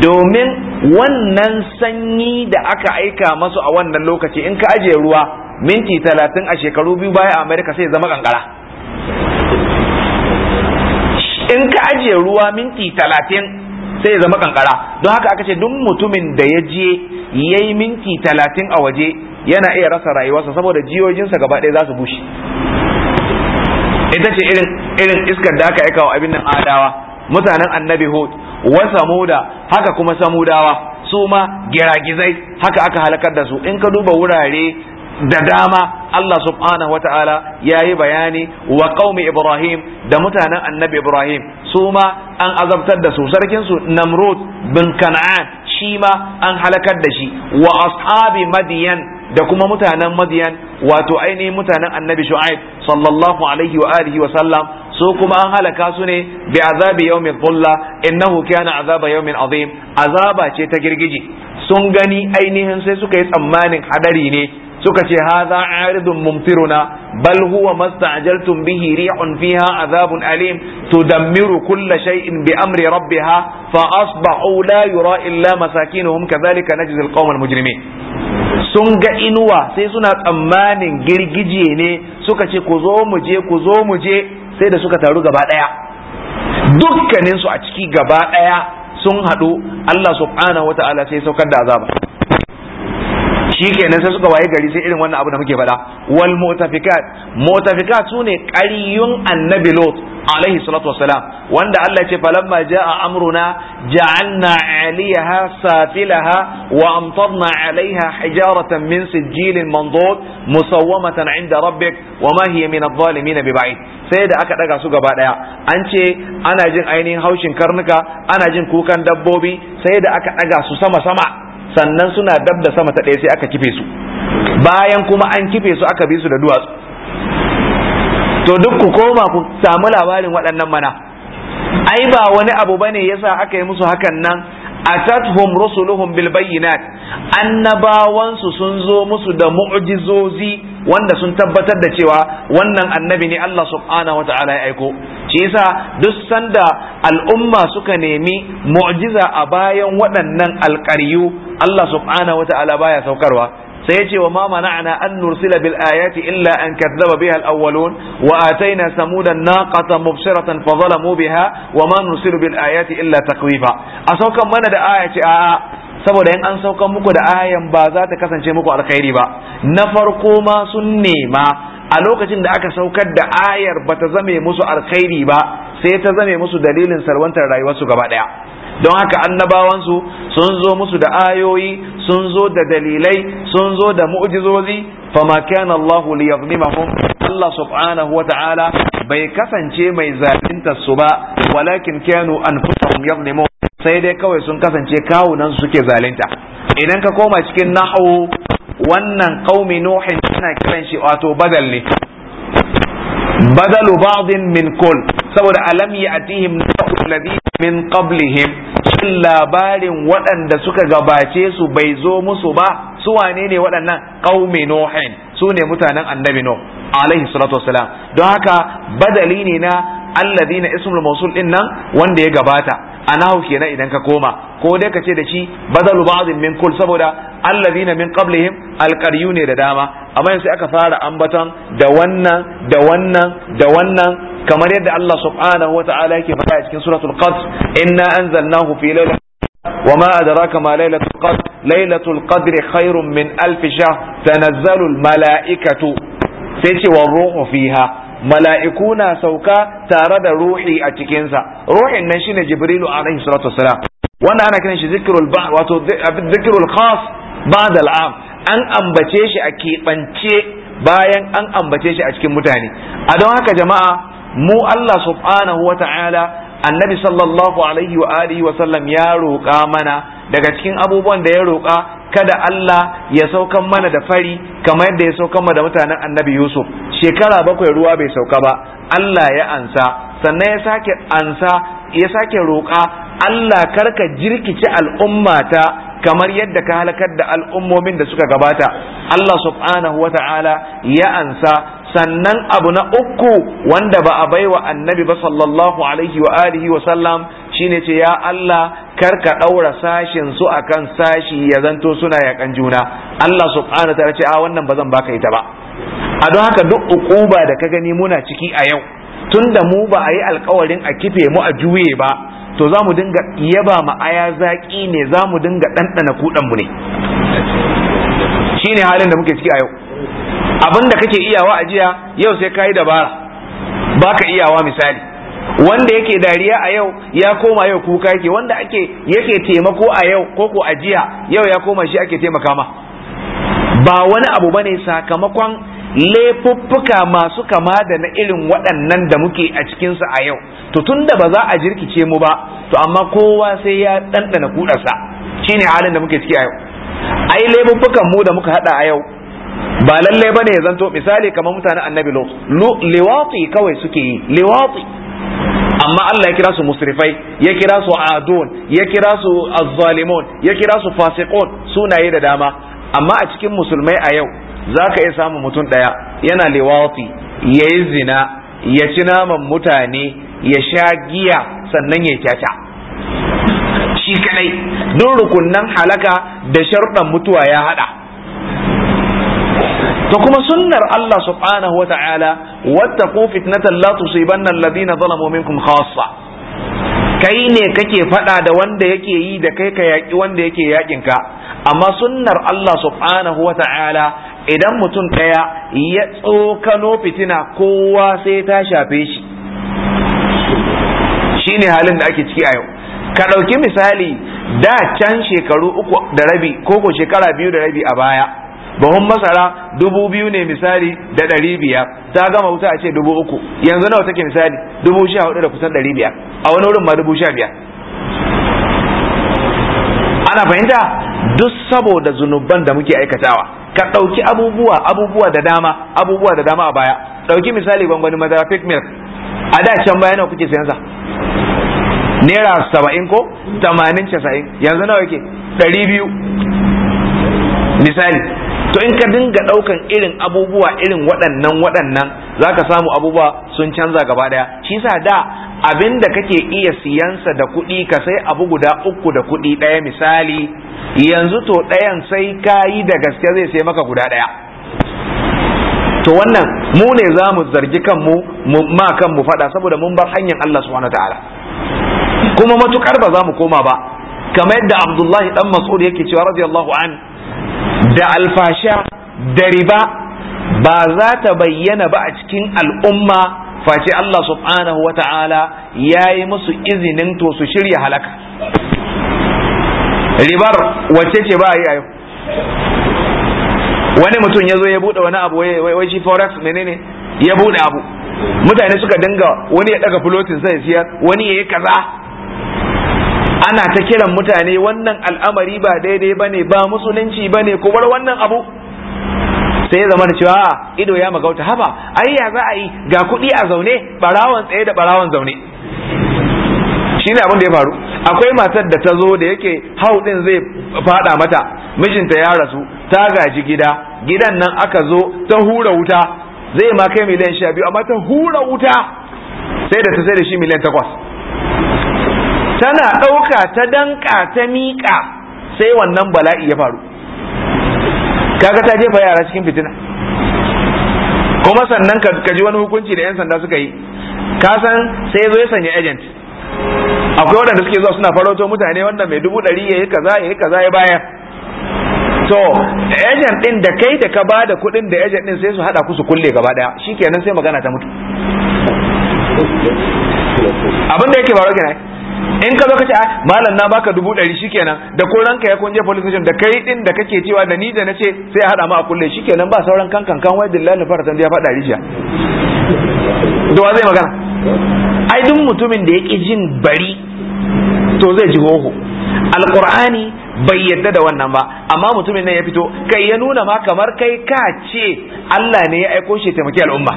domin wannan sanyi da aka aika masu a wannan lokaci in ka ajiye ruwa minti talatin a shekaru biyu baya a amerika sai zama kankara in ka ajiye ruwa minti talatin sai ya zama kankara don haka aka ce duk mutumin da ya je yayi minti talatin a waje yana iya rasa rayuwarsa saboda jiyoyinsa gaba ɗaya za su bushe ita ce irin irin iskar da aka aika wa abin nan adawa mutanen annabi hud wa samuda haka kuma samudawa su ma giragizai haka aka halakar da su in ka duba wurare da dama Allah subhanahu ta'ala ya yi bayani wa ƙaumi Ibrahim da mutanen annabi Ibrahim su ma an azabtar da su sarkinsu Namrud bin Kan'an shi ma an halakar da shi wa ashabi madiyan da kuma mutanen madiyan wato ainihin mutanen annabi shu'aib sallallahu alaihi wa alihi wa sallam su kuma an halaka su ne bi azabi yawmin dhulla innahu kana azaba yawmin azim azaba ce ta girgije sun gani ainihin sai suka yi tsammanin hadari ne suka ce hadha aridun mumtiruna bal huwa mastajaltum bihi rihun fiha azabun alim tudammiru kulla shay'in bi amri rabbiha fa asbahu la yura illa masakinuhum kadhalika najzi alqawma almujrimin sun ga inuwa sai suna tsammanin girgije ne suka ce ku zo mu je ku zo mu je sai da suka taru gaba daya dukkaninsu a ciki gaba daya sun haɗu Allah subhanahu wa ta'ala sai saukar da azaba shikenan sai suka waye gari sai irin wannan abu da muke faɗa wal mutafikat mutafikat sune karyun annabi lot alaihi salatu wassalam wanda Allah ya ce falamma jaa amruna ja'alna 'aliyaha safilaha wa amtarna 'alayha hijaratan min sijilin mandud musawwamatan 'inda rabbik wa ma hiya min adh-dhalimin biba'id sai da aka daga su gaba daya an ce ana jin ainihin haushin karnuka ana jin kukan dabbobi sai da aka daga su sama sama sannan suna dab da sama ta ɗaya sai aka kife su bayan kuma an kife su aka bi su da duwatsu to duk ku koma ku samu labarin waɗannan mana ai ba wani abu ba bane yasa aka yi musu hakan nan atathum rusuluhum bil bayyinat annabawansu sun zo musu da mu'jizozi wanda sun tabbatar da cewa wannan annabi ne Allah subhanahu wata'ala ya aiko shi yasa duk sanda al'umma suka nemi mu'jiza a bayan waɗannan alƙaryu Allah subhanahu wata'ala baya saukarwa sai yace wa ma mana'ana an nursila bil ayati illa an kadzaba biha al awwalun wa ataina samuda naqata mubshiratan fa zalamu biha wa ma nursilu bil ayati illa takwifa a saukan mana da aya ce a'a saboda in an saukan muku da ayan ba za ta kasance muku alkhairi ba na farko ma sun nema a lokacin da aka saukar da ayar bata zame musu alkhairi ba sai ta zame musu dalilin sarwantar rayuwarsu gaba daya don haka annabawansu sun zo musu da ayoyi sun zo da dalilai sun zo da mu'jizozi fama kana Allah liyadhlimahum Allah subhanahu wa ta'ala bai kasance mai zalunta su ba walakin kanu anfusahum yadhlimun sai dai kawai sun kasance kawunan suke zalunta idan ka koma cikin nahwu wannan qaumi nuhin tana kiran shi wato badal ne badalu ba'din min kull saboda alam ya'tihim alladhi min qablihim shin labarin waɗanda suka gabace su bai zo musu ba su wane ne waɗannan qaumi nuhin su ne mutanen annabi nuh alaihi salatu wassalam don haka badali ne na alladhina ismul mawsul din nan wanda ya gabata hau kenan idan ka koma ko dai ka ce da shi bazalu ba'dhin min kul saboda allazina min qablihim alqaryu ne da dama amma yanzu aka fara ambaton da wannan da wannan da wannan kamar yadda Allah subhanahu wa yake faɗa a cikin suratul qadr inna anzalnahu fi lailatin وما أدراك ما ليلة القدر ليلة القدر خير من ألف شهر تنزل الملائكة sai ce wa ruhu fiha mala'iku na sauka tare da ruhi a cikinsa ruhin nan shine jibrilu alaihi salatu wanda ana kiran shi zikrul ba wato zikrul khas ba'd al'am an ambace shi a keɓance bayan an ambace shi a cikin mutane a don haka jama'a mu Allah subhanahu wa ta'ala annabi sallallahu alaihi wa alihi wa sallam ya roƙa mana daga cikin abubuwan da ya roƙa kada Allah ya saukan mana da fari kamar yadda ya saukan mana da mutanen annabi Yusuf shekara bakwai ruwa bai sauka ba Allah ya ansa sannan ya sake ansa ya sake roƙa Allah karka jirkice al'ummata kamar yadda ka halakar da al'ummomin da suka gabata Allah subhanahu wa ta'ala ya ansa sannan abu na uku wanda ba a bai wa annabi ba sallallahu alaihi wa alihi wa sallam shine ce ya Allah kar ka daura sashin su akan sashi ya zanto suna yakan juna Allah subhanahu ta'ala ce a wannan ba zan baka ita ba a don haka duk ukuba da ka gani muna ciki a yau tunda mu ba a yi alkawarin a kife mu a juye ba to za mu dinga yaba ma aya zaki ne za mu dinga ɗanɗana kuɗan mu ne shine halin da muke ciki a yau abin da kake iyawa a jiya yau sai ka yi dabara ba ka iyawa misali wanda yake dariya a yau ya koma yau kuka yake wanda ake yake taimako a yau ko ko a jiya yau ya koma shi ake taimaka ma ba wani abu bane sakamakon laifuffuka masu kama da na irin waɗannan da muke a cikinsa a yau to tun da ba za a jirkice mu ba to amma kowa sai ya ɗanɗana kuɗarsa shine halin da muke ciki a yau ai laifuffukan mu da muka haɗa a yau ba lalle bane ya zanto misali kamar mutanen annabi lo liwati kawai suke yi liwati amma Allah ya kira su musrifai ya kira su adun ya kira su azzalimun ya kira su fasiqun sunaye da dama amma a cikin musulmai a yau zaka iya samun mutum daya yana liwati yayi zina ya ci naman mutane ya sha giya sannan ya kyata shi kadai duk rukunnan halaka da sharuɗan mutuwa ya hada da kuma sunnar Allah subhanahu wa ta'ala wattaqu fitnatan la tusibanna alladhina zalamu minkum khassa kai ne kake fada da wanda yake yi da kai ka yaki wanda yake yakin ka amma sunnar Allah subhanahu wa ta'ala idan mutum daya ya tsokano fitina kowa sai ta shafe shi shine halin da ake ciki a yau ka ɗauki misali da can shekaru uku da rabi ko ko shekara biyu da rabi a baya bahun masara dubu biyu ne misali da ɗari biyar ta gama wuta a ce dubu uku yanzu nawa take misali dubu sha hudu da kusan ɗari biyar a wani wurin ma dubu sha biyar ana fahimta duk saboda zunuban da muke aikatawa ka ɗauki abubuwa abubuwa da dama abubuwa da dama a baya ɗauki misali gwangwani madara fake milk a da can baya nawa kuke sayan sa naira saba'in ko tamanin casa'in yanzu nawa yake ɗari biyu misali to in ka dinga daukan irin abubuwa irin waɗannan waɗannan za ka samu abubuwa sun canza gaba daya shi yasa da abin da kake iya siyansa da kuɗi ka sai abu guda uku da kuɗi ɗaya misali yanzu to ɗayan sai ka yi da gaske zai sai maka guda ɗaya to wannan mu ne za mu zargi kanmu mu ma kanmu faɗa saboda mun bar hanyar Allah subhanahu ta'ala kuma matukar ba za mu koma ba kamar yadda Abdullahi ɗan Mas'ud yake cewa radiyallahu anhu. da alfasha da riba ba za ta bayyana ba a cikin al'umma face Allah subhanahu wa ta'ala ya yi musu izinin to su shirya halaka ribar wacce ce ba a yi a wani mutum ya zo ya buɗe wani abu wai shi forex menene ya buɗe abu mutane suka dinga wani ya ɗaga floating sai siyar wani ya yi kaza ana ta kiran mutane wannan al'amari ba daidai ba ne ba musulunci ba ne wannan abu sai zama da cewa ido ya magauta haba ai ya za a yi ga kuɗi a zaune barawan tsaye da barawan zaune shi ne abin da ya faru akwai matar da ta zo da yake hau ɗin zai faɗa mata mijinta ya rasu ta gaji gida gidan nan aka zo ta hura wuta zai ma kai miliyan sha biyu amma ta hura wuta sai da ta sai da shi miliyan takwas tana ɗauka ta danka ta miƙa sai wannan bala'i ya faru kaga ta jefa yara cikin fitina kuma sannan ka ji wani hukunci da 'yan sanda suka yi ka san sai zo ya sanya agent akwai waɗanda suke zuwa suna farauto mutane wanda mai dubu ɗari ya yi kaza ya yi kaza ya baya to agent ɗin da kai da ka bada kuɗin da agent ɗin sai su haɗa ku su kulle gaba ɗaya shikenan sai magana ta mutu abin da yake faruwa kenan in ka zo ka ce a ah, malam na baka dubu ɗari shikenan da ko ranka ya kunje police station da kai din da kake cewa da ni da na ce sai a hada mu a kulle shikenan ba sauran kankan kan wai dillahi faratan ya faɗa rijiya da wa zai magana ai duk mutumin da yake jin bari to zai ji hoho alqur'ani bai yadda da wannan ba amma mutumin nan ya fito kai ya nuna ma kamar kai ka ce Allah ne ya aiko shi taimaki al'umma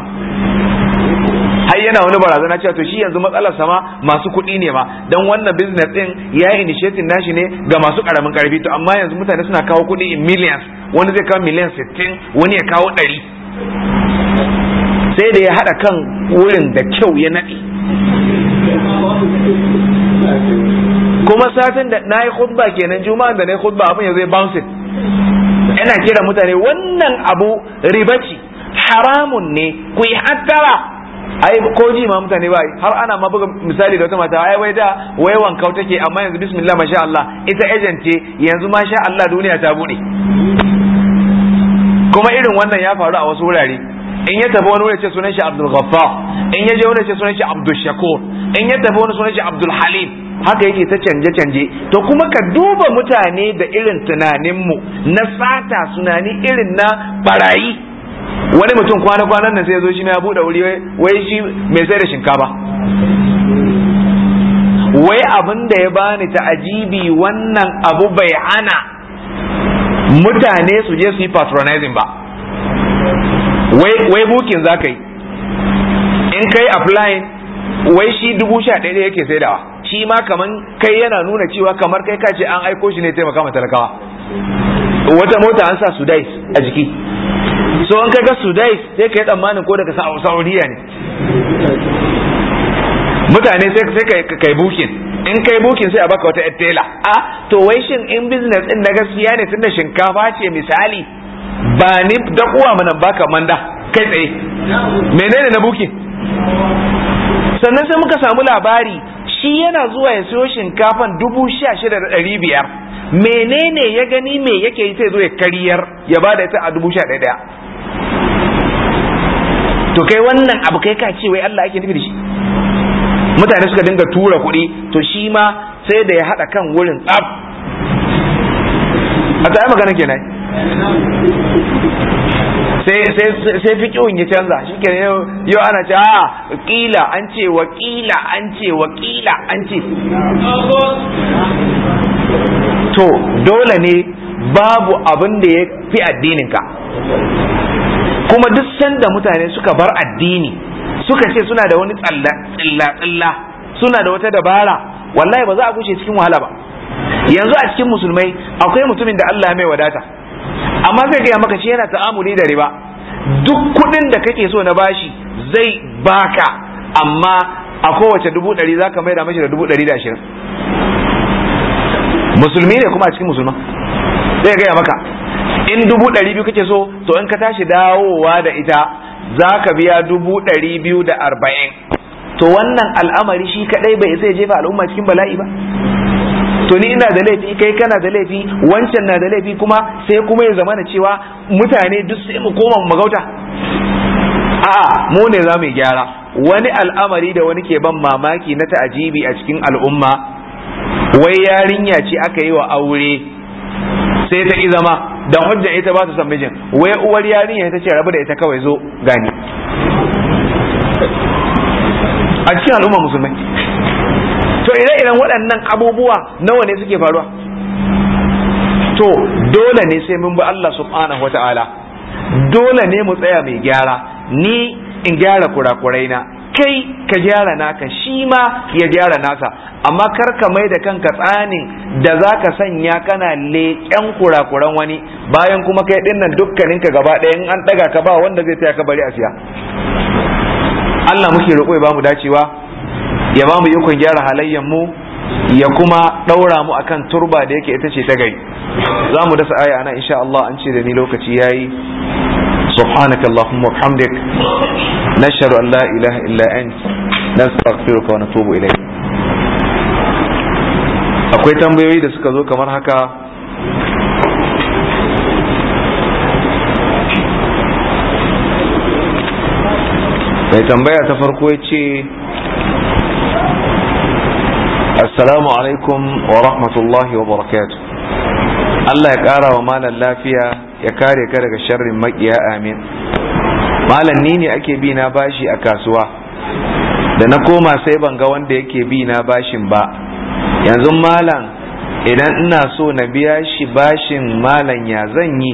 har yana wani barazana cewa to shi yanzu matsalar sama masu kuɗi ne ma dan wannan business din ya initiative nashi ne ga masu karamin karfi to amma yanzu mutane suna kawo kuɗi in millions wani zai kawo miliyan 60 wani ya kawo 100 sai da ya hada kan wurin da kyau ya nade kuma satin da na yi khutba kenan juma'a da na yi khutba abin ya zai bouncing yana kira mutane wannan abu ribaci haramun ne ku yi hattara ai ko ji ma mutane ba har ana ma buga misali da wata mata ai wai da wai wanka take amma yanzu bismillah masha Allah ita agent ce yanzu masha Allah duniya ta bude kuma irin wannan ya faru a wasu wurare in ya tafi wani wuri ce sunan shi Abdul Ghaffar in ya je wani ce sunan shi Abdul Shakur in ya tafi wani sunan shi Abdul Halim haka yake ta canje canje to kuma ka duba mutane da irin tunaninmu na sata sunani irin na barayi wani mutum kwana kwanan nan sai zo shi ne, ya buɗe wuri wai shi mai sai da shinkafa wai abin da ya bani ta ajibi wannan abu bai hana mutane su je su yi patronizing ba wai bukin za ka yi in kai applying wai shi dubu sha ɗaya yake saidawa shi ma kaman kai yana nuna cewa kamar kai kace an aiko shi ne taimaka ma talakawa wata mota an sa su dai a jiki so an kai ga sudais sai ka yi tsammanin ko daga Sa'udiyya ne mutane sai ka kai bukin in kai bukin sai a baka wata yar tela a to wai shin in business din na gaskiya ne tunda shinkafa ce misali ba ni da kuwa mana baka manda kai tsaye menene na bukin sannan sai muka samu labari shi yana zuwa ya siyo shinkafan dubu sha shida da ɗari biyar menene ya gani me yake yi sai zo ya kariyar ya bada da ita a dubu sha ɗaya to kai wannan abu kai ka ce wai Allah ake nufi da shi mutane suka dinga tura kuɗi to shi ma sai da ya haɗa kan wurin tsaf a ta magana kenan sai sai sai ya canza shi yau yau ana ce a ah, kila an ce wa kila an ce wa kila an ce to dole ne babu abin da ya fi addininka. kuma duk sanda mutane suka bar addini suka ce suna da wani tsalla tsilla suna da wata dabara wallahi ba za a kushe cikin wahala ba yanzu a cikin musulmai akwai mutumin da Allah mai wadata amma zai gaya maka shi yana ta'amuli da riba duk kuɗin da kake so na bashi zai baka amma a kowace dubu ɗari za ka mai da mashi da dubu ɗari da ashirin musulmi ne kuma a cikin musulman zai gaya maka in dubu ɗari biyu kake so to in ka tashi dawowa da ita za ka biya dubu ɗari biyu da arba'in to wannan al'amari shi kaɗai bai isa ya jefa al'umma cikin bala'i ba to ni ina da laifi kai kana da laifi wancan na da laifi kuma sai kuma ya zama cewa mutane duk sai mu koma mu magauta a'a mu ne za mu gyara wani al'amari da wani ke ban mamaki na ta'ajibi a cikin al'umma wai yarinya ce aka yi wa aure sai ta ki zama da hujja ita ba ta san mijin wai uwar yarinya ita ce rabu da ita kawai zo gani a cikin al'umma musulmai to ire-iren waɗannan abubuwa nawa ne suke faruwa to dole ne sai mun bi Allah subhanahu wata'ala dole ne mu tsaya mai gyara ni in gyara kurakurai na kai ka gyara naka shi ma ya gyara nasa amma kar ka mai da kanka tsanin da za ka sanya kana leƙen kurakuran wani bayan kuma kai ɗin nan dukkaninka gaba ɗaya in an ɗaga ka ba wanda zai taya ka bari a siya Allah muke roƙo ya bamu dacewa ya bamu ikon gyara halayyan mu ya kuma ɗaura mu akan turba da yake ita ce ta gari za mu dasa aya ana insha Allah an ce da ni lokaci yayi سبحانك اللهم وبحمدك نشهد أن لا إله إلا أنت نستغفرك ونتوب إليك akwai tambayoyi da suka zo kamar haka mai tambaya ta farko ya ce assalamu alaikum wa rahmatullahi wa barakatuh Allah ya ƙara wa malam lafiya ya kare ka daga sharrin makiya amin malam ni ne ake bi na bashi a kasuwa da na koma sai ban ga wanda yake bi na bashin ba yanzu malam idan ina so na biya shi bashin malam ya zan yi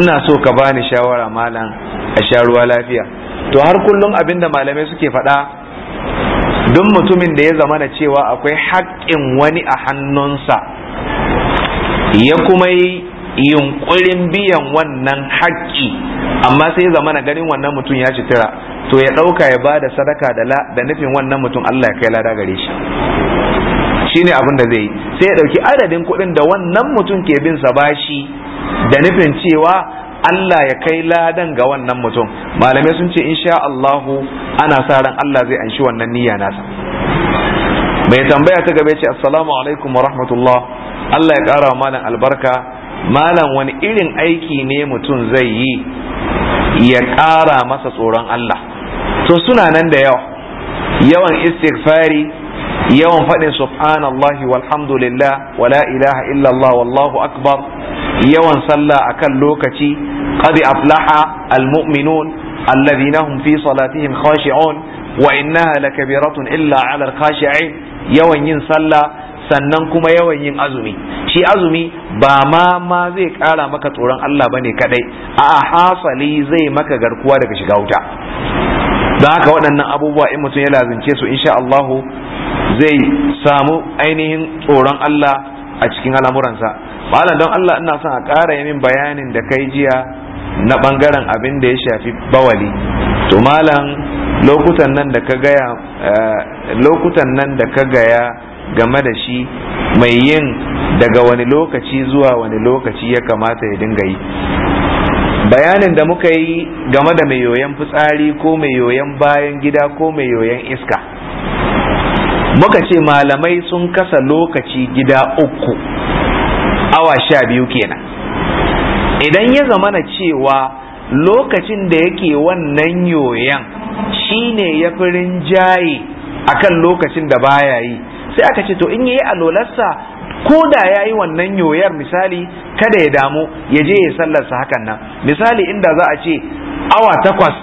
ina so ka bani shawara malam a sha ruwa lafiya to har kullum abinda malamai suke faɗa duk mutumin da ya zama na cewa akwai haƙƙin wani a hannunsa ya kuma yi yunkurin biyan wannan haƙƙi amma sai zama na ganin wannan mutum ya ci tira to ya ɗauka ya ba da sadaka da nufin wannan mutum Allah ya kai lada gare shi Shi ne abin da zai yi sai ya ɗauki adadin kuɗin da wannan mutum ke bin sa bashi da nufin cewa Allah ya kai ladan ga wannan mutum malamai sun ce insha Allahu ana sa ran Allah zai anshi wannan niyya nasa bai tambaya ta gaba ya ce assalamu alaikum wa rahmatullah Allah ya ƙara wa malam albarka malam wani irin aiki ne mutum zai yi ya ƙara masa tsoron Allah to suna nan da yawa yawan istighfari yawan faɗin subhanallahi walhamdulillah wala ilaha illallah wallahu akbar yawan sallah akan lokaci qad aflaha almu'minun alladhina hum fi salatihim khashi'un wa lakabiratun illa 'ala al-khashi'in yawan yin sallah sannan kuma yawan yin azumi shi azumi ba ma ma zai kara maka tsoron Allah bane kadai a hasali zai maka garkuwa daga shiga wuta don haka waɗannan abubuwa in mutum ya lazimce su insha Allah zai samu ainihin tsoron Allah a cikin al'amuransa malam don Allah ina son a ƙara yamin bayanin da kai jiya na bangaren abin da ya shafi bawali to malam lokutan nan da ka gaya eh, game da shi mai yin daga wani lokaci zuwa wani lokaci ya kamata ya dinga yi bayanin da muka yi game da mai yoyon fitsari ko mai yoyon bayan gida ko mai yoyon iska muka ce malamai sun kasa lokaci gida uku awa sha biyu kenan idan ya zamana cewa lokacin da yake wannan yoyon shine ya fi rinjaye akan lokacin da baya yi sai aka ce to in yayi alolarsa ko da ya yi wannan yoyar misali kada ya damu ya je ya sallarsa hakan nan misali inda za a ce awa takwas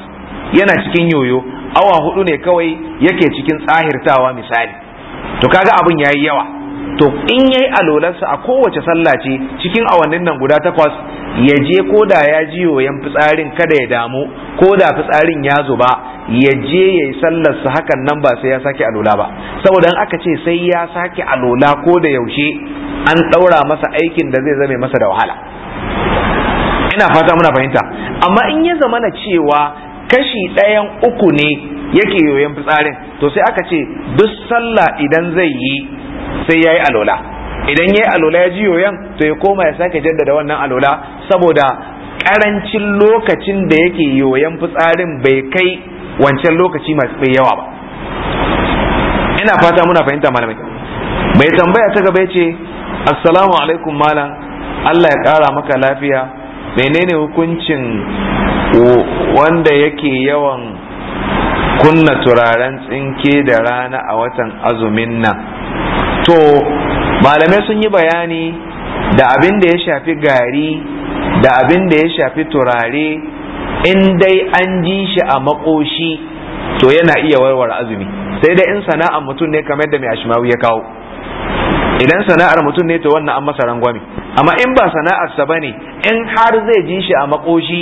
yana cikin yoyo awa hudu ne kawai yake cikin tsahirtawa misali to kaga abin yayi yawa to in yayi alolarsa a kowace sallah ce cikin awannin nan guda takwas ya je ko da ya ji yoyon fitsarin kada ya damu ko da fitsarin ya zo ba ya je ya yi sallarsa hakan nan ba sai ya sake alola ba saboda in aka ce sai ya sake alola ko da yaushe an ɗaura masa aikin da zai zame masa da wahala ina fata muna fahimta amma in ya zamana cewa kashi ɗayan uku ne yake yoyon fitsarin to sai aka ce duk sallah idan zai yi sai ya yi alola idan ya yi alola ya ji yoyon to ya koma ya sake jaddada wannan alola saboda karancin lokacin da yake yoyon fitsarin bai kai wancan lokaci masu bai yawa ba ina fata muna fahimta malamai Mai tambaya ta gaba ce assalamu alaikum malam Allah ya kara maka lafiya menene hukuncin wanda yake yawan kunna turaren tsinke da rana a watan azumin nan to malamai sun yi bayani da abin da ya shafi gari da abin da ya shafi turare in dai an ji shi a makoshi to yana iya warware azumi sai dai in sana'ar mutum ne kamar yadda mai ashimawi ya kawo idan sana'ar mutum ne to wannan an masa rangwame amma in ba sana'arsa ba ne in har zai ji shi a makoshi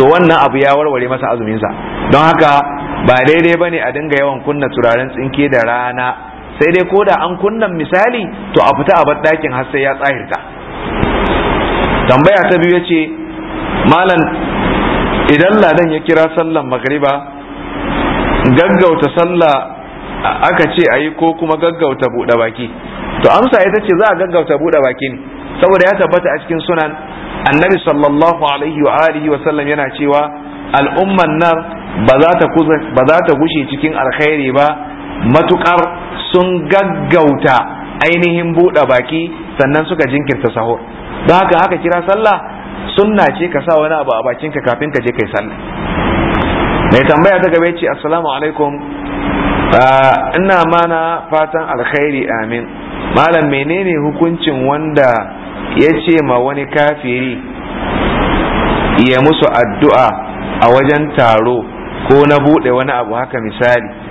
to wannan abu ya warware masa azuminsa don haka ba daidai bane a dinga yawan kunna turaren tsinke da rana sai dai ko da an kunnan misali to a fita a bar ɗakin har sai ya tsahirta tambaya ta biyu ce malam idan ladan ya kira sallan magriba gaggauta sallah aka ce a yi ko kuma gaggauta buɗe baki to amsa ita ce za a gaggauta buɗe baki ne saboda ya tabbata a cikin sunan annabi sallallahu alaihi wa alihi wa sallam yana cewa al'umman nan ba za ta gushe cikin alkhairi ba matukar sun gaggauta ainihin buɗe baki sannan suka jinkirta sahur don haka haka kira sallah sunna ce ka sa wani abu a bakinka kafin ka je kai sallah mai tambaya ta gaba ce assalamu alaikum ina mana fatan alkhairi amin malam menene hukuncin wanda ya ce ma wani kafiri ya musu addu'a a wajen taro ko na buɗe wani abu haka misali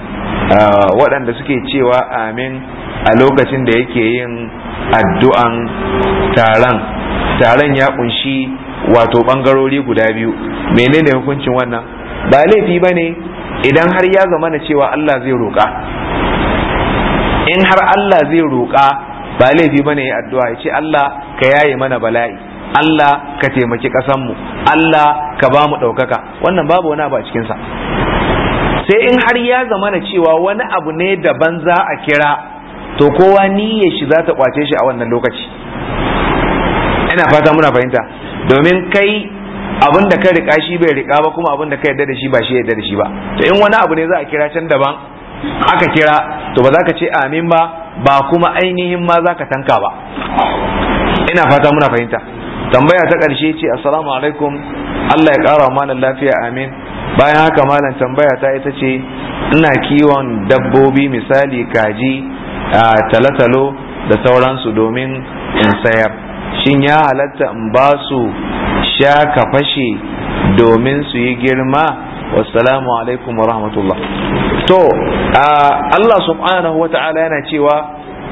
Ah, waɗanda suke cewa amin a lokacin da yake yin addu'an taron taron ya kunshi wato ɓangarori guda biyu menene hukuncin wannan ba laifi ba ne idan har ya zama na cewa Allah zai roƙa in har Allah zai roƙa ba laifi ba ne ya addu'a ya ce Allah ka yaye mana bala'i Allah ka taimaki ƙasanmu Allah ka ba mu ɗaukaka wannan babu wani abu a cikinsa sai in har ya zama na cewa wani abu ne daban za a kira to kowa niyyar shi za ta kwace shi a wannan lokaci ina fata muna fahimta domin kai abin da ka rika shi bai rika ba kuma abin da ka yarda da shi ba shi yarda da shi ba to in wani abu ne za a kira can daban aka kira to ba za ka ce amin ba ba kuma ainihin ma za ka tanka ba ina fata muna fahimta tambaya ta ƙarshe ce assalamu alaikum Allah ya ƙara mana lafiya amin bayan haka malam tambaya ta ita ce ina kiwon dabbobi misali kaji a talatalo da sauransu domin in sayar shin ya halatta in ba su sha ka fashe domin su yi girma wasalamu alaikum wa rahmatullah to Allah subhanahu wa ta'ala yana cewa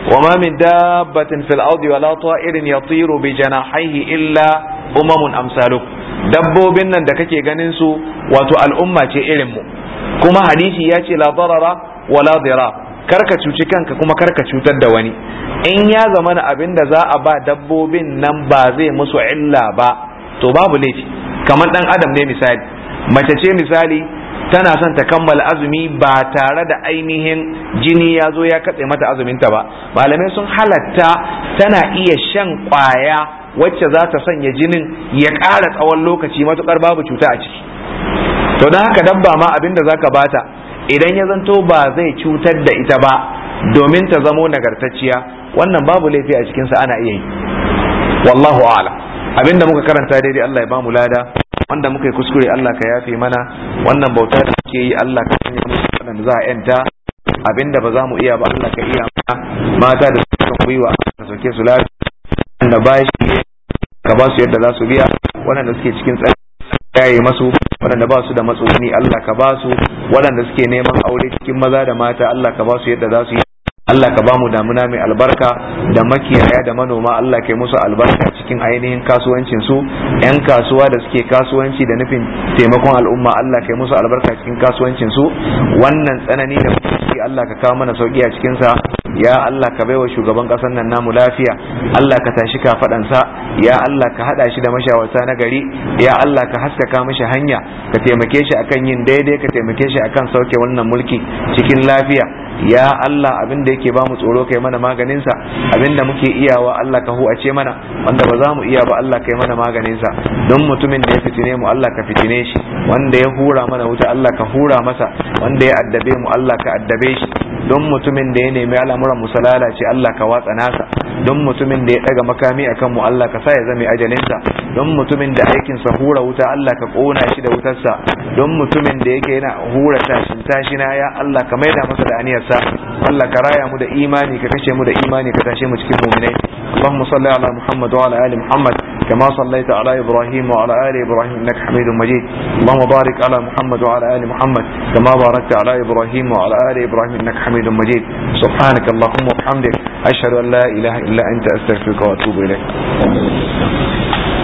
وما من دابة في الأرض ولا طائر يطير بجناحيه إلا أمم أمثالكم dabbobin nan da kake ganin su wato al'umma ce irin mu kuma hadisi ya ce la darara wala dira karka cuci kanka kuma karka cutar da wani in ya zama na abin da za a ba dabbobin nan ba zai musu illa ba to babu laifi kamar dan adam ne misali mace ce misali tana son ta kammala azumi ba tare da ainihin jini ya zo ya katse mata azuminta ba malamai sun halatta tana iya shan kwaya wacce za ta sanya jinin ya ƙara tsawon lokaci matuƙar babu cuta a ciki to don haka dabba ma abinda za ka bata idan ya zanto ba zai cutar da ita ba domin ta zamo nagartacciya wannan babu laifi a cikinsa ana iya yi wallahu ala Abinda muka karanta daidai Allah ya bamu lada wanda muka yi kuskure Allah ka yafe mana wannan bauta da muke yi Allah ka sanya musu waɗanda za a yanta abinda ba za mu iya ba Allah ka iya mata da suka gwiwa a sauke su lafiya da bashi ka ba su yadda za su biya waɗanda suke cikin tsaye masu waɗanda ba su da matsuguni Allah ka ba su waɗanda suke neman aure cikin maza da mata Allah ka ba su yadda za su yi Allah ka bamu damuna mai albarka da makiyaya da manoma Allah kai musu albarka cikin ainihin kasuwancin su yan kasuwa da suke kasuwanci da nufin taimakon al'umma Allah kai musu albarka cikin kasuwancin su wannan tsanani da muke Allah ka kawo mana sauki a cikin sa ya Allah ka baiwa shugaban kasar nan namu lafiya Allah ka tashi ka sa ya Allah ka hada shi da mashawarta na gari ya Allah ka haskaka mishi hanya ka taimake shi akan yin daidai ka taimake shi akan sauke wannan mulki cikin lafiya ya Allah abin da yake ba mu tsoro kai mana maganin sa abinda muke iyawa Allah ka hu a ce mana wanda ba za mu iya ba Allah kai mana maganin sa don mutumin da ya fitine mu Allah ka fitine shi wanda ya hura mana wuta Allah ka hura masa wanda ya addabe mu Allah ka addabe shi don mutumin da ya nemi al'amuran mu salala ce Allah ka watsa nasa don mutumin da ya daga makami akan mu Allah ka sa ya zame sa don mutumin da aikin sa hura wuta Allah ka kona shi da wutarsa don mutumin da yake yana hura tashin tashina ya Allah ka maida masa da aniyar sa Allah ka raya raya mu da imani ka kashe mu da imani ka tashe mu cikin mu'minai Allahumma salli ala Muhammad wa ala ali Muhammad kama sallaita ala Ibrahim wa ala ali Ibrahim innaka Hamidum Majid Allahumma barik ala Muhammad wa ala ali Muhammad kama barakta ala Ibrahim wa ala ali Ibrahim innaka Hamidum Majid subhanaka